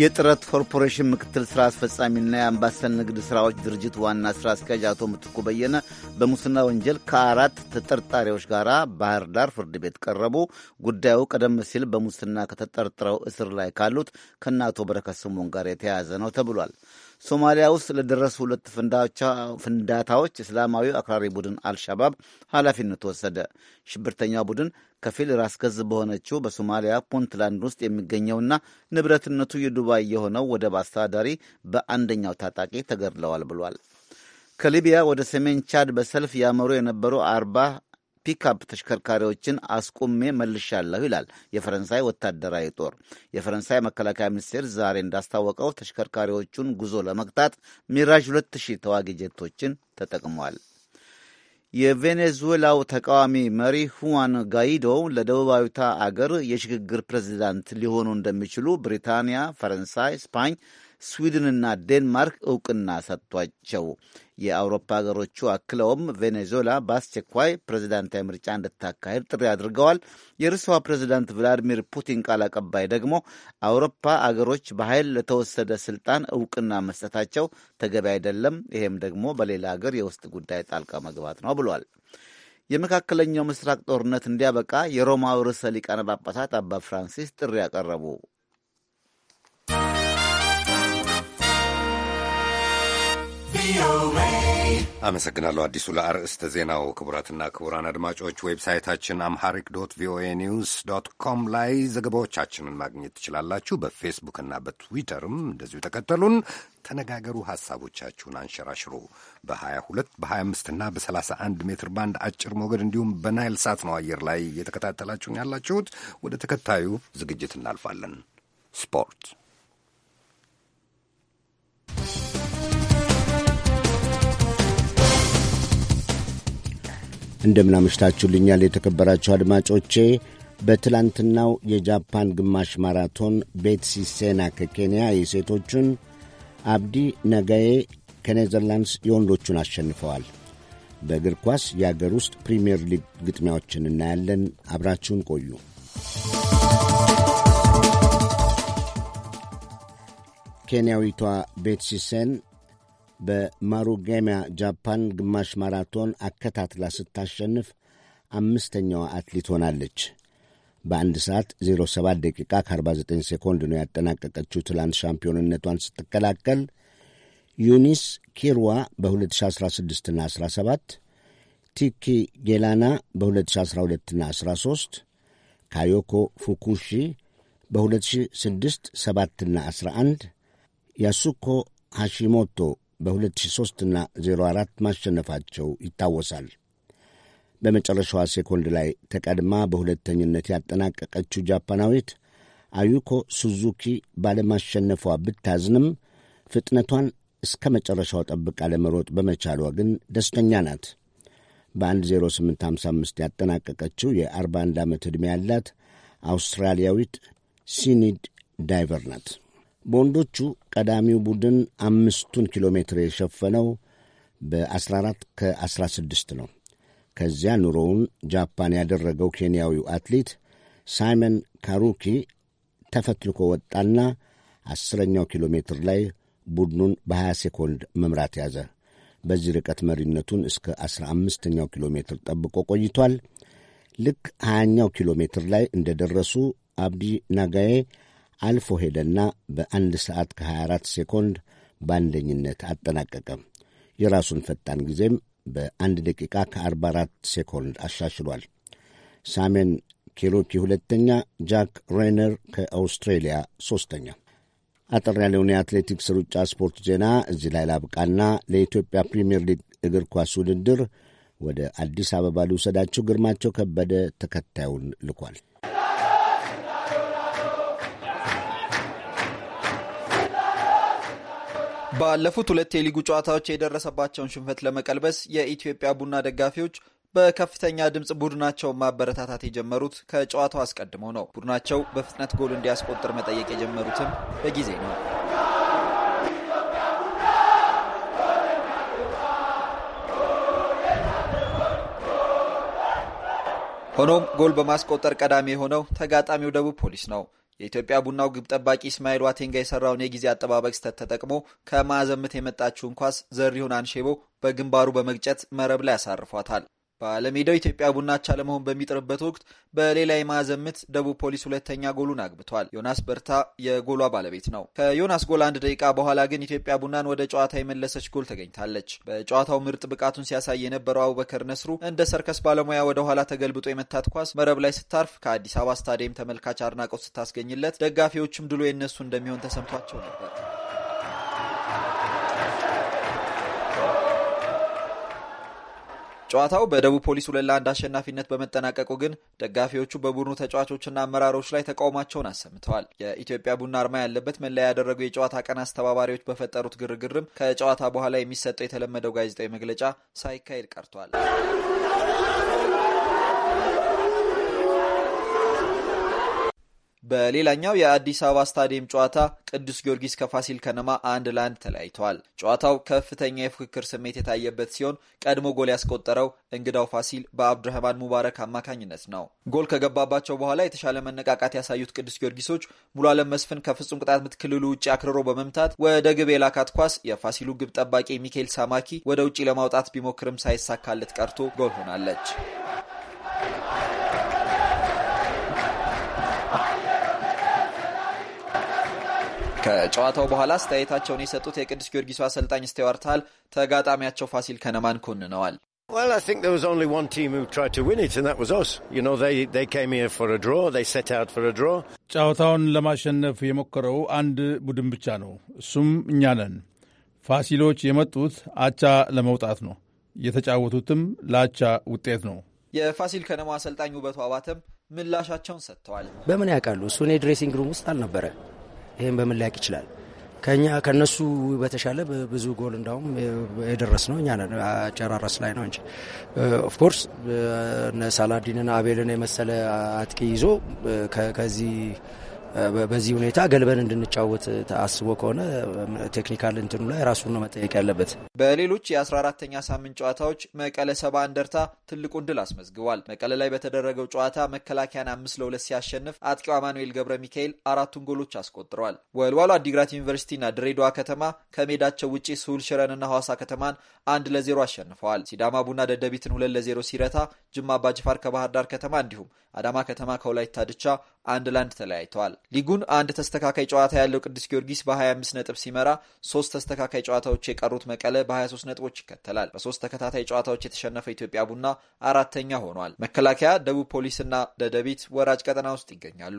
የጥረት ኮርፖሬሽን ምክትል ሥራ አስፈጻሚና የአምባሰል ንግድ ሥራዎች ድርጅት ዋና ሥራ አስኪያጅ አቶ ምትኩ በየነ በሙስና ወንጀል ከአራት ተጠርጣሪዎች ጋር ባህር ዳር ፍርድ ቤት ቀረቡ። ጉዳዩ ቀደም ሲል በሙስና ከተጠርጥረው እስር ላይ ካሉት ከነ አቶ በረከት ጋር የተያያዘ ነው ተብሏል። ሶማሊያ ውስጥ ለደረሱ ሁለት ፍንዳታዎች እስላማዊ አክራሪ ቡድን አልሻባብ ኃላፊነት ወሰደ። ሽብርተኛው ቡድን ከፊል ራስ ገዝ በሆነችው በሶማሊያ ፑንትላንድ ውስጥ የሚገኘውና ንብረትነቱ የዱባይ የሆነው ወደብ አስተዳዳሪ በአንደኛው ታጣቂ ተገድለዋል ብሏል። ከሊቢያ ወደ ሰሜን ቻድ በሰልፍ ያመሩ የነበሩ አርባ ፒክአፕ ተሽከርካሪዎችን አስቁሜ መልሻለሁ ይላል የፈረንሳይ ወታደራዊ ጦር። የፈረንሳይ መከላከያ ሚኒስቴር ዛሬ እንዳስታወቀው ተሽከርካሪዎቹን ጉዞ ለመግታት ሚራዥ 2000 ተዋጊ ጀቶችን ተጠቅሟል። የቬኔዙዌላው ተቃዋሚ መሪ ሁዋን ጋይዶ ለደቡባዊቷ አገር የሽግግር ፕሬዚዳንት ሊሆኑ እንደሚችሉ ብሪታንያ፣ ፈረንሳይ፣ ስፓኝ ስዊድንና ዴንማርክ እውቅና ሰጥቷቸው የአውሮፓ ሀገሮቹ አክለውም ቬኔዙዌላ በአስቸኳይ ፕሬዚዳንታዊ ምርጫ እንድታካሄድ ጥሪ አድርገዋል። የሩሲያዋ ፕሬዚዳንት ቭላዲሚር ፑቲን ቃል አቀባይ ደግሞ አውሮፓ አገሮች በኃይል ለተወሰደ ስልጣን እውቅና መስጠታቸው ተገቢ አይደለም፣ ይሄም ደግሞ በሌላ አገር የውስጥ ጉዳይ ጣልቃ መግባት ነው ብሏል። የመካከለኛው ምስራቅ ጦርነት እንዲያበቃ የሮማው ርዕሰ ሊቃነ ጳጳሳት አባ ፍራንሲስ ጥሪ ያቀረቡ አመሰግናለሁ አዲሱ ለአርዕስተ ዜናው። ክቡራትና ክቡራን አድማጮች ዌብሳይታችን አምሐሪክ ዶት ቪኦኤ ኒውስ ዶት ኮም ላይ ዘገባዎቻችንን ማግኘት ትችላላችሁ። በፌስቡክና በትዊተርም እንደዚሁ ተከተሉን፣ ተነጋገሩ፣ ሐሳቦቻችሁን አንሸራሽሩ። በ22 በ25ና በ31 ሜትር ባንድ አጭር ሞገድ እንዲሁም በናይል ሳት ነው አየር ላይ እየተከታተላችሁን ያላችሁት። ወደ ተከታዩ ዝግጅት እናልፋለን። ስፖርት እንደምናመሽታችሁልኛል የተከበራችሁ አድማጮቼ። በትላንትናው የጃፓን ግማሽ ማራቶን ቤትሲ ሴና ከኬንያ የሴቶቹን፣ አብዲ ነጋዬ ከኔዘርላንድስ የወንዶቹን አሸንፈዋል። በእግር ኳስ የአገር ውስጥ ፕሪምየር ሊግ ግጥሚያዎችን እናያለን። አብራችሁን ቆዩ። ኬንያዊቷ ቤትሲሴን በማሩጌሚያ ጃፓን ግማሽ ማራቶን አከታትላ ስታሸንፍ አምስተኛዋ አትሌት ሆናለች። በአንድ ሰዓት 07 ደቂቃ ከ49 ሴኮንድ ነው ያጠናቀቀችው ትላንት ሻምፒዮንነቷን ስትቀላቀል። ዩኒስ ኪርዋ በ2016ና 17 ቲኪ ጌላና በ2012ና 13 ካዮኮ ፉኩሺ በ2006 7ና 11 ያሱኮ ሃሺሞቶ በ2003 እና 04 ማሸነፋቸው ይታወሳል። በመጨረሻዋ ሴኮንድ ላይ ተቀድማ በሁለተኝነት ያጠናቀቀችው ጃፓናዊት አዩኮ ሱዙኪ ባለማሸነፏ ብታዝንም ፍጥነቷን እስከ መጨረሻው ጠብቃ ለመሮጥ በመቻሏ ግን ደስተኛ ናት። በ1:08:55 ያጠናቀቀችው የ41 ዓመት ዕድሜ ያላት አውስትራሊያዊት ሲኒድ ዳይቨር ናት። በወንዶቹ ቀዳሚው ቡድን አምስቱን ኪሎ ሜትር የሸፈነው በ14 ከ16 ነው። ከዚያ ኑሮውን ጃፓን ያደረገው ኬንያዊው አትሌት ሳይመን ካሩኪ ተፈትልኮ ወጣና አስረኛው ኪሎ ሜትር ላይ ቡድኑን በ20 ሴኮንድ መምራት ያዘ። በዚህ ርቀት መሪነቱን እስከ 15ኛው ኪሎ ሜትር ጠብቆ ቆይቷል። ልክ 20ኛው ኪሎ ሜትር ላይ እንደደረሱ አብዲ ናጋዬ አልፎ ሄደና በአንድ ሰዓት ከ24 ሴኮንድ በአንደኝነት አጠናቀቀ። የራሱን ፈጣን ጊዜም በአንድ ደቂቃ ከ44 ሴኮንድ አሻሽሏል። ሳሜን ኬሮኪ ሁለተኛ፣ ጃክ ሬነር ከአውስትሬሊያ ሦስተኛ። አጠር ያለውን የአትሌቲክስ ሩጫ ስፖርት ዜና እዚህ ላይ ላብቃና ለኢትዮጵያ ፕሪምየር ሊግ እግር ኳስ ውድድር ወደ አዲስ አበባ ልውሰዳችሁ። ግርማቸው ከበደ ተከታዩን ልኳል። ባለፉት ሁለት የሊጉ ጨዋታዎች የደረሰባቸውን ሽንፈት ለመቀልበስ የኢትዮጵያ ቡና ደጋፊዎች በከፍተኛ ድምፅ ቡድናቸውን ማበረታታት የጀመሩት ከጨዋታው አስቀድሞ ነው። ቡድናቸው በፍጥነት ጎል እንዲያስቆጥር መጠየቅ የጀመሩትም በጊዜ ነው። ሆኖም ጎል በማስቆጠር ቀዳሚ የሆነው ተጋጣሚው ደቡብ ፖሊስ ነው። የኢትዮጵያ ቡናው ግብ ጠባቂ እስማኤል ዋቴንጋ የሰራውን የጊዜ አጠባበቅ ስህተት ተጠቅሞ ከማዕዘን ምት የመጣችውን ኳስ ዘሪሁን አንሼቦ በግንባሩ በመግጨት መረብ ላይ ያሳርፏታል። በአለሜዳው ኢትዮጵያ ቡና አቻ ለመሆን በሚጥርበት ወቅት በሌላ የማዕዘን ምት ደቡብ ፖሊስ ሁለተኛ ጎሉን አግብቷል። ዮናስ በርታ የጎሏ ባለቤት ነው። ከዮናስ ጎል አንድ ደቂቃ በኋላ ግን ኢትዮጵያ ቡናን ወደ ጨዋታ የመለሰች ጎል ተገኝታለች። በጨዋታው ምርጥ ብቃቱን ሲያሳይ የነበረው አቡበከር ነስሩ እንደ ሰርከስ ባለሙያ ወደ ኋላ ተገልብጦ የመታት ኳስ መረብ ላይ ስታርፍ ከአዲስ አበባ ስታዲየም ተመልካች አድናቆት ስታስገኝለት፣ ደጋፊዎችም ድሎ የነሱ እንደሚሆን ተሰምቷቸው ነበር። ጨዋታው በደቡብ ፖሊስ ሁለት ለአንድ አሸናፊነት በመጠናቀቁ ግን ደጋፊዎቹ በቡድኑ ተጫዋቾችና አመራሮች ላይ ተቃውሟቸውን አሰምተዋል። የኢትዮጵያ ቡና አርማ ያለበት መለያ ያደረጉ የጨዋታ ቀን አስተባባሪዎች በፈጠሩት ግርግርም ከጨዋታ በኋላ የሚሰጠው የተለመደው ጋዜጣዊ መግለጫ ሳይካሄድ ቀርቷል። በሌላኛው የአዲስ አበባ ስታዲየም ጨዋታ ቅዱስ ጊዮርጊስ ከፋሲል ከነማ አንድ ለአንድ ተለያይተዋል። ጨዋታው ከፍተኛ የፉክክር ስሜት የታየበት ሲሆን ቀድሞ ጎል ያስቆጠረው እንግዳው ፋሲል በአብዱረህማን ሙባረክ አማካኝነት ነው። ጎል ከገባባቸው በኋላ የተሻለ መነቃቃት ያሳዩት ቅዱስ ጊዮርጊሶች ሙሉ አለም መስፍን ከፍጹም ቅጣት ምት ክልሉ ውጭ አክርሮ በመምታት ወደ ግብ የላካት ኳስ የፋሲሉ ግብ ጠባቂ ሚካኤል ሳማኪ ወደ ውጭ ለማውጣት ቢሞክርም ሳይሳካለት ቀርቶ ጎል ሆናለች። ከጨዋታው በኋላ አስተያየታቸውን የሰጡት የቅዱስ ጊዮርጊሱ አሰልጣኝ ስቴዋርታል ተጋጣሚያቸው ፋሲል ከነማን ኮንነዋል። Well, I think there was only one team who tried to win it, and that was us. You know, they, they came here for a draw. They set out for a draw. ጨዋታውን ለማሸነፍ የሞከረው አንድ ቡድን ብቻ ነው፣ እሱም እኛ ነን። ፋሲሎች የመጡት አቻ ለመውጣት ነው። የተጫወቱትም ለአቻ ውጤት ነው። የፋሲል ከነማ አሰልጣኝ ውበቱ አባተም ምላሻቸውን ሰጥተዋል። በምን ያውቃሉ? እሱ እኔ ድሬሲንግ ሩም ውስጥ አልነበረ ይህም በምላቅ ይችላል። ከኛ ከነሱ በተሻለ ብዙ ጎል እንዳውም የደረስ ነው እኛ አጨራረስ ላይ ነው እንጂ ኦፍኮርስ እነ ሳላዲንን አቤልን የመሰለ አጥቂ ይዞ ከዚህ በዚህ ሁኔታ ገልበን እንድንጫወት አስቦ ከሆነ ቴክኒካል እንትኑ ላይ ራሱን ነው መጠየቅ ያለበት። በሌሎች የ14ተኛ ሳምንት ጨዋታዎች መቀለ ሰባ እንደርታ ትልቁን ድል አስመዝግቧል። መቀለ ላይ በተደረገው ጨዋታ መከላከያን አምስት ለሁለት ሲያሸንፍ አጥቂው አማኑኤል ገብረ ሚካኤል አራቱን ጎሎች አስቆጥረዋል። ወልዋሎ አዲግራት ዩኒቨርሲቲና ድሬዳዋ ከተማ ከሜዳቸው ውጪ ስሁል ሽረንና ሐዋሳ ከተማን አንድ ለዜሮ አሸንፈዋል። ሲዳማ ቡና ደደቢትን ሁለት ለዜሮ ሲረታ ጅማ አባጅፋር ከባህር ዳር ከተማ እንዲሁም አዳማ ከተማ ከወላይታ ድቻ አንድ ለአንድ ተለያይተዋል። ሊጉን አንድ ተስተካካይ ጨዋታ ያለው ቅዱስ ጊዮርጊስ በ25 ነጥብ ሲመራ ሶስት ተስተካካይ ጨዋታዎች የቀሩት መቀለ በ23 ነጥቦች ይከተላል። በሶስት ተከታታይ ጨዋታዎች የተሸነፈ ኢትዮጵያ ቡና አራተኛ ሆኗል። መከላከያ፣ ደቡብ ፖሊስና ደደቢት ወራጅ ቀጠና ውስጥ ይገኛሉ።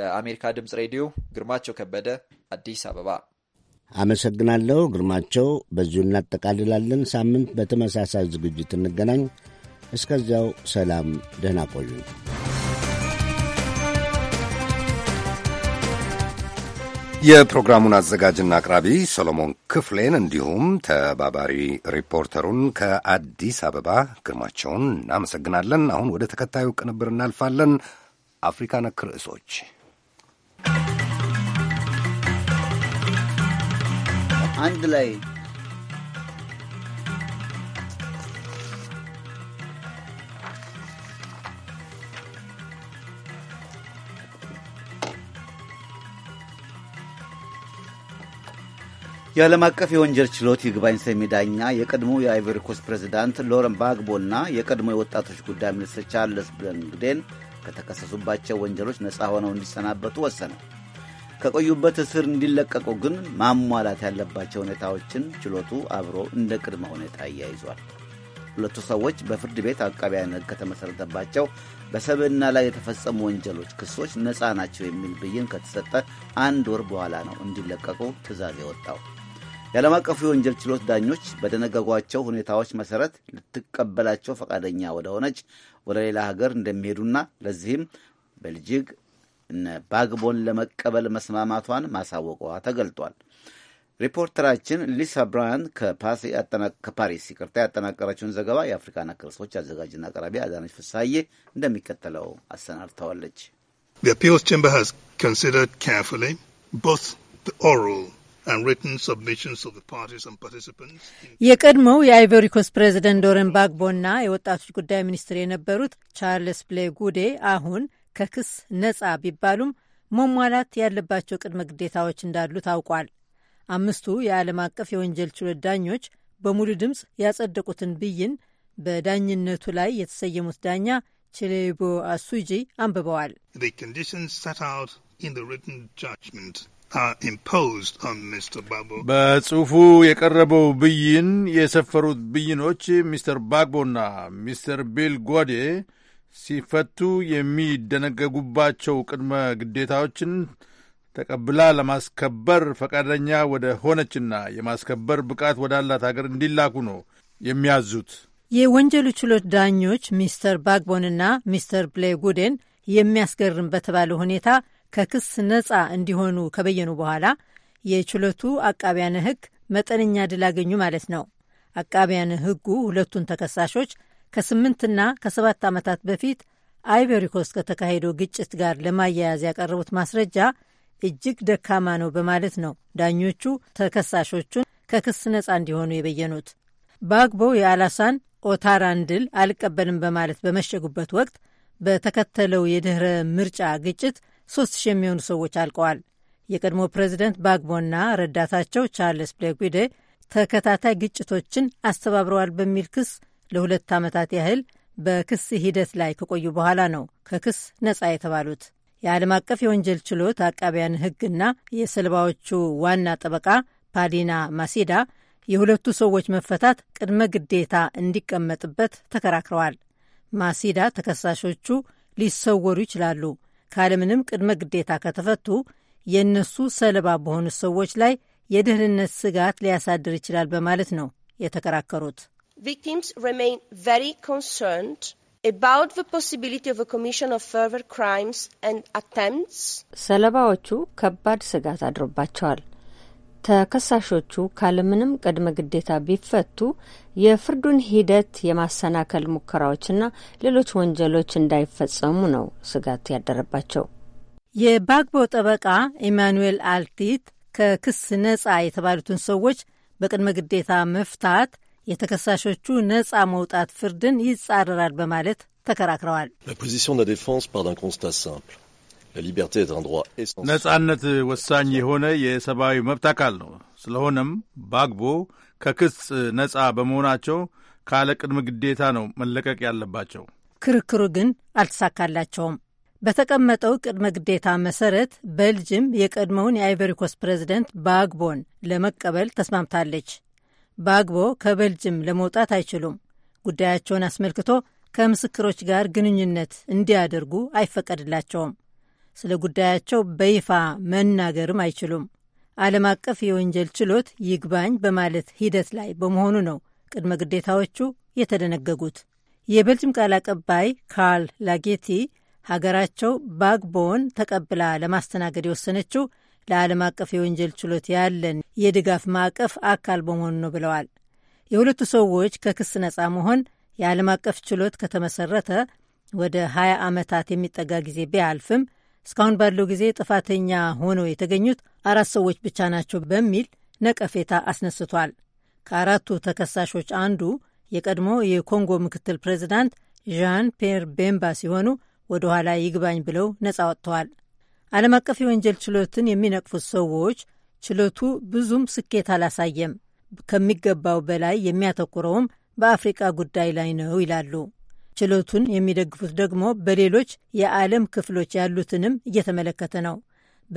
ለአሜሪካ ድምፅ ሬዲዮ ግርማቸው ከበደ አዲስ አበባ። አመሰግናለሁ ግርማቸው። በዚሁ እናጠቃልላለን። ሳምንት በተመሳሳይ ዝግጅት እንገናኝ። እስከዚያው ሰላም፣ ደህና ቆዩ። የፕሮግራሙን አዘጋጅና አቅራቢ ሰሎሞን ክፍሌን እንዲሁም ተባባሪ ሪፖርተሩን ከአዲስ አበባ ግርማቸውን እናመሰግናለን። አሁን ወደ ተከታዩ ቅንብር እናልፋለን። አፍሪካ ነክ ርዕሶች አንድ ላይ የዓለም አቀፍ የወንጀል ችሎት ይግባኝ ሰሚ ዳኛ የቀድሞ የአይቨሪኮስ ፕሬዚዳንት ሎረን ባግቦና የቀድሞ የወጣቶች ጉዳይ ሚኒስትር ቻርልስ ብለንግዴን ከተከሰሱባቸው ወንጀሎች ነፃ ሆነው እንዲሰናበቱ ወሰነ። ከቆዩበት እስር እንዲለቀቁ ግን ማሟላት ያለባቸው ሁኔታዎችን ችሎቱ አብሮ እንደ ቅድመ ሁኔታ እያይዟል። ሁለቱ ሰዎች በፍርድ ቤት አቃቢያን ሕግ ከተመሠረተባቸው በሰብዕና ላይ የተፈጸሙ ወንጀሎች ክሶች ነፃ ናቸው የሚል ብይን ከተሰጠ አንድ ወር በኋላ ነው እንዲለቀቁ ትዕዛዝ የወጣው። የዓለም አቀፉ የወንጀል ችሎት ዳኞች በደነገጓቸው ሁኔታዎች መሰረት ልትቀበላቸው ፈቃደኛ ወደሆነች ወደ ሌላ ሀገር እንደሚሄዱና ለዚህም ቤልጅግ እነ ባግቦን ለመቀበል መስማማቷን ማሳወቋ ተገልጧል። ሪፖርተራችን ሊሳ ብራያን ከፓሪስ ይቅርታ ያጠናቀረችውን ዘገባ የአፍሪካ ነክርሶች አዘጋጅና አቅራቢ አዳነች ፍሳዬ እንደሚከተለው አሰናድተዋለች። The appeals chamber has considered carefully both the oral የቀድሞው የአይቨሪኮስ ፕሬዚደንት ዶረን ባግቦና የወጣቶች ጉዳይ ሚኒስትር የነበሩት ቻርልስ ብሌ ጉዴ አሁን ከክስ ነጻ ቢባሉም መሟላት ያለባቸው ቅድመ ግዴታዎች እንዳሉ ታውቋል። አምስቱ የዓለም አቀፍ የወንጀል ችሎት ዳኞች በሙሉ ድምፅ ያጸደቁትን ብይን በዳኝነቱ ላይ የተሰየሙት ዳኛ ቺሌቦ አሱጂ አንብበዋል። በጽሁፉ የቀረበው ብይን የሰፈሩት ብይኖች ሚስተር ባግቦና ሚስተር ቢል ጓዴ ሲፈቱ የሚደነገጉባቸው ቅድመ ግዴታዎችን ተቀብላ ለማስከበር ፈቃደኛ ወደ ሆነችና የማስከበር ብቃት ወዳላት ሀገር እንዲላኩ ነው የሚያዙት። የወንጀሉ ችሎት ዳኞች ሚስተር ባግቦንና ሚስተር ብሌ ጉዴን የሚያስገርም በተባለ ሁኔታ ከክስ ነጻ እንዲሆኑ ከበየኑ በኋላ የችሎቱ አቃቢያነ ሕግ መጠነኛ ድል አገኙ ማለት ነው። አቃቢያነ ሕጉ ሁለቱን ተከሳሾች ከስምንትና ከሰባት ዓመታት በፊት አይቨሪኮስ ከተካሄደው ግጭት ጋር ለማያያዝ ያቀረቡት ማስረጃ እጅግ ደካማ ነው በማለት ነው ዳኞቹ ተከሳሾቹን ከክስ ነጻ እንዲሆኑ የበየኑት። ባግቦ የአላሳን ኦታራን ድል አልቀበልም በማለት በመሸጉበት ወቅት በተከተለው የድኅረ ምርጫ ግጭት ሶስት ሺህ የሚሆኑ ሰዎች አልቀዋል። የቀድሞ ፕሬዚደንት ባግቦና ረዳታቸው ቻርልስ ብሌጉዴ ተከታታይ ግጭቶችን አስተባብረዋል በሚል ክስ ለሁለት ዓመታት ያህል በክስ ሂደት ላይ ከቆዩ በኋላ ነው ከክስ ነጻ የተባሉት። የዓለም አቀፍ የወንጀል ችሎት አቃቢያን ሕግና የሰለባዎቹ ዋና ጠበቃ ፓሊና ማሲዳ የሁለቱ ሰዎች መፈታት ቅድመ ግዴታ እንዲቀመጥበት ተከራክረዋል። ማሲዳ ተከሳሾቹ ሊሰወሩ ይችላሉ ካለምንም ቅድመ ግዴታ ከተፈቱ የእነሱ ሰለባ በሆኑ ሰዎች ላይ የደህንነት ስጋት ሊያሳድር ይችላል በማለት ነው የተከራከሩት። ቪክቲምስ ሪሜይን ሰለባዎቹ ከባድ ስጋት አድሮባቸዋል። ተከሳሾቹ ካለምንም ቅድመ ግዴታ ቢፈቱ የፍርዱን ሂደት የማሰናከል ሙከራዎችና ሌሎች ወንጀሎች እንዳይፈጸሙ ነው ስጋት ያደረባቸው። የባግቦ ጠበቃ ኢማኑኤል አልቲት ከክስ ነጻ የተባሉትን ሰዎች በቅድመ ግዴታ መፍታት የተከሳሾቹ ነጻ መውጣት ፍርድን ይጻረራል በማለት ተከራክረዋል። ላ ፖዚሲዮን ደ ዴፌንስ ፓር ዳን ኮንስታ ሳምፕል ነጻነት ወሳኝ የሆነ የሰብአዊ መብት አካል ነው። ስለሆነም ባግቦ ከክስ ነጻ በመሆናቸው ካለ ቅድመ ግዴታ ነው መለቀቅ ያለባቸው። ክርክሩ ግን አልተሳካላቸውም። በተቀመጠው ቅድመ ግዴታ መሰረት በልጅም የቀድሞውን የአይቨሪኮስ ፕሬዝደንት ባግቦን ለመቀበል ተስማምታለች። ባግቦ ከበልጅም ለመውጣት አይችሉም። ጉዳያቸውን አስመልክቶ ከምስክሮች ጋር ግንኙነት እንዲያደርጉ አይፈቀድላቸውም። ስለ ጉዳያቸው በይፋ መናገርም አይችሉም። ዓለም አቀፍ የወንጀል ችሎት ይግባኝ በማለት ሂደት ላይ በመሆኑ ነው ቅድመ ግዴታዎቹ የተደነገጉት። የቤልጅም ቃል አቀባይ ካርል ላጌቲ ሀገራቸው ባግቦን ተቀብላ ለማስተናገድ የወሰነችው ለዓለም አቀፍ የወንጀል ችሎት ያለን የድጋፍ ማዕቀፍ አካል በመሆኑ ነው ብለዋል። የሁለቱ ሰዎች ከክስ ነፃ መሆን የዓለም አቀፍ ችሎት ከተመሰረተ ወደ 20 ዓመታት የሚጠጋ ጊዜ ቢያልፍም እስካሁን ባለው ጊዜ ጥፋተኛ ሆነው የተገኙት አራት ሰዎች ብቻ ናቸው በሚል ነቀፌታ አስነስቷል። ከአራቱ ተከሳሾች አንዱ የቀድሞ የኮንጎ ምክትል ፕሬዚዳንት ዣን ፔር ቤምባ ሲሆኑ ወደ ኋላ ይግባኝ ብለው ነጻ ወጥተዋል። ዓለም አቀፍ የወንጀል ችሎትን የሚነቅፉት ሰዎች ችሎቱ ብዙም ስኬት አላሳየም፣ ከሚገባው በላይ የሚያተኩረውም በአፍሪቃ ጉዳይ ላይ ነው ይላሉ። ችሎቱን የሚደግፉት ደግሞ በሌሎች የዓለም ክፍሎች ያሉትንም እየተመለከተ ነው።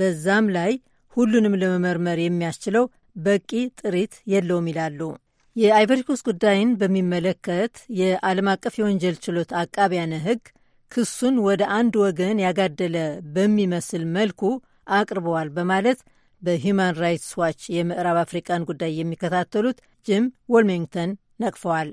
በዛም ላይ ሁሉንም ለመመርመር የሚያስችለው በቂ ጥሪት የለውም ይላሉ። የአይቨሪኮስ ጉዳይን በሚመለከት የዓለም አቀፍ የወንጀል ችሎት አቃቢያነ ሕግ ክሱን ወደ አንድ ወገን ያጋደለ በሚመስል መልኩ አቅርበዋል በማለት በሂዩማን ራይትስ ዋች የምዕራብ አፍሪቃን ጉዳይ የሚከታተሉት ጂም ወልሚንግተን ነቅፈዋል።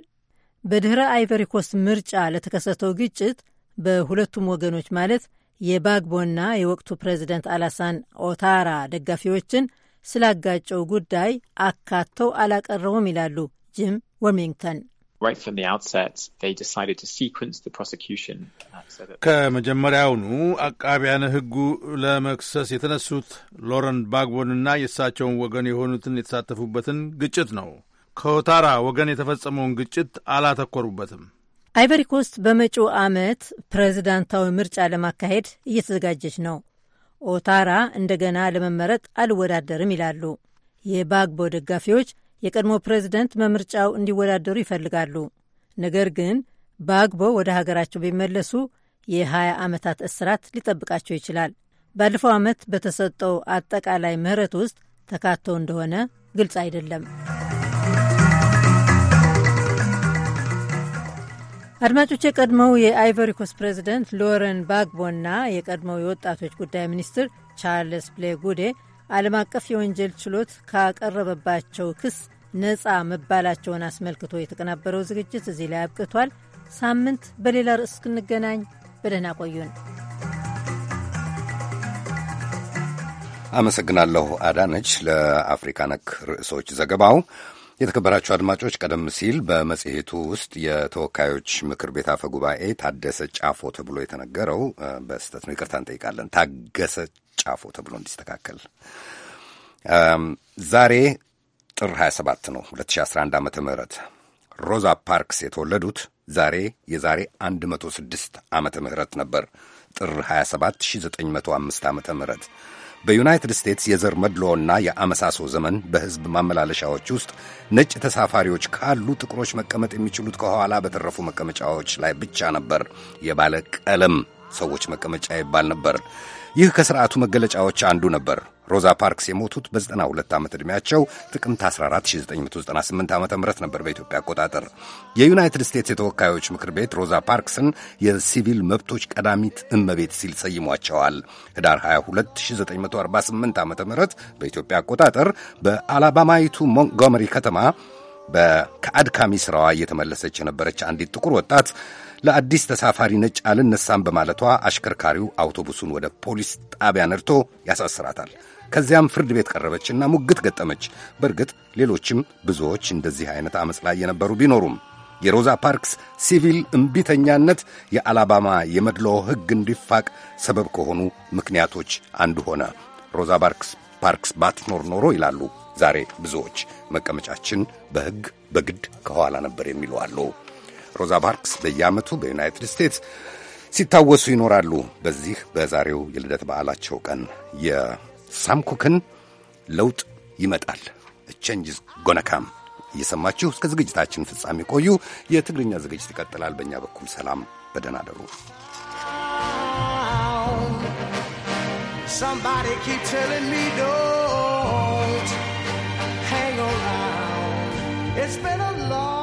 በድኅረ አይቨሪኮስት ምርጫ ለተከሰተው ግጭት በሁለቱም ወገኖች ማለት የባግቦና የወቅቱ ፕሬዚደንት አላሳን ኦታራ ደጋፊዎችን ስላጋጨው ጉዳይ አካተው አላቀረቡም ይላሉ ጂም ወርሚንግተን። um, ከመጀመሪያውኑ አቃቢያን ሕጉ ለመክሰስ የተነሱት ሎረን ባግቦንና የእሳቸውን ወገን የሆኑትን የተሳተፉበትን ግጭት ነው። ከኦታራ ወገን የተፈጸመውን ግጭት አላተኮሩበትም። አይቨሪኮስት በመጪው ዓመት ፕሬዝዳንታዊ ምርጫ ለማካሄድ እየተዘጋጀች ነው። ኦታራ እንደገና ለመመረጥ አልወዳደርም ይላሉ። የባግቦ ደጋፊዎች የቀድሞ ፕሬዝደንት በምርጫው እንዲወዳደሩ ይፈልጋሉ። ነገር ግን ባግቦ ወደ ሀገራቸው ቢመለሱ የ20 ዓመታት እስራት ሊጠብቃቸው ይችላል። ባለፈው ዓመት በተሰጠው አጠቃላይ ምህረት ውስጥ ተካተው እንደሆነ ግልጽ አይደለም። አድማጮች የቀድሞው የአይቨሪኮስ ፕሬዚደንት ሎረን ባግቦና የቀድሞው የወጣቶች ጉዳይ ሚኒስትር ቻርልስ ብሌ ጉዴ ዓለም አቀፍ የወንጀል ችሎት ካቀረበባቸው ክስ ነፃ መባላቸውን አስመልክቶ የተቀናበረው ዝግጅት እዚህ ላይ አብቅቷል። ሳምንት በሌላ ርዕስ እስክንገናኝ በደህና ቆዩን። አመሰግናለሁ አዳነች ለአፍሪካ ነክ ርዕሶች ዘገባው። የተከበራችሁ አድማጮች ቀደም ሲል በመጽሔቱ ውስጥ የተወካዮች ምክር ቤት አፈ ጉባኤ ታደሰ ጫፎ ተብሎ የተነገረው በስህተት ነው። ይቅርታ እንጠይቃለን። ታገሰ ጫፎ ተብሎ እንዲስተካከል ዛሬ ጥር 27 ነው 2011 ዓ ም ሮዛ ፓርክስ የተወለዱት ዛሬ የዛሬ 106 ዓመተ ምህረት ነበር ጥር 27 1905 ዓ ም በዩናይትድ ስቴትስ የዘር መድሎና የአመሳሶ ዘመን በሕዝብ ማመላለሻዎች ውስጥ ነጭ ተሳፋሪዎች ካሉ ጥቁሮች መቀመጥ የሚችሉት ከኋላ በተረፉ መቀመጫዎች ላይ ብቻ ነበር። የባለ ቀለም ሰዎች መቀመጫ ይባል ነበር። ይህ ከሥርዓቱ መገለጫዎች አንዱ ነበር። ሮዛ ፓርክስ የሞቱት በ92 ዓመት ዕድሜያቸው ጥቅምት 14 1998 ዓ ም ነበር በኢትዮጵያ አቆጣጠር። የዩናይትድ ስቴትስ የተወካዮች ምክር ቤት ሮዛ ፓርክስን የሲቪል መብቶች ቀዳሚት እመቤት ሲል ሰይሟቸዋል። ህዳር 22 1948 ዓ ም በኢትዮጵያ አቆጣጠር በአላባማይቱ ሞንትጎመሪ ከተማ ከአድካሚ ሥራዋ እየተመለሰች የነበረች አንዲት ጥቁር ወጣት ለአዲስ ተሳፋሪ ነጭ አልነሳም በማለቷ አሽከርካሪው አውቶቡሱን ወደ ፖሊስ ጣቢያ ነድቶ ያሳስራታል። ከዚያም ፍርድ ቤት ቀረበችና ሙግት ገጠመች። በእርግጥ ሌሎችም ብዙዎች እንደዚህ አይነት አመፅ ላይ የነበሩ ቢኖሩም የሮዛ ፓርክስ ሲቪል እምቢተኛነት የአላባማ የመድሎ ሕግ እንዲፋቅ ሰበብ ከሆኑ ምክንያቶች አንዱ ሆነ። ሮዛ ፓርክስ ፓርክስ ባትኖር ኖሮ ይላሉ ዛሬ ብዙዎች፣ መቀመጫችን በሕግ በግድ ከኋላ ነበር የሚሉ አሉ። ሮዛ ፓርክስ በየዓመቱ በዩናይትድ ስቴትስ ሲታወሱ ይኖራሉ። በዚህ በዛሬው የልደት በዓላቸው ቀን የሳምኩክን ለውጥ ይመጣል ቼንጅስ ጎነካም እየሰማችሁ እስከ ዝግጅታችን ፍጻሜ ቆዩ። የትግርኛ ዝግጅት ይቀጥላል። በእኛ በኩል ሰላም፣ በደህና አደሩ። Somebody keep telling me don't hang around. It's been a long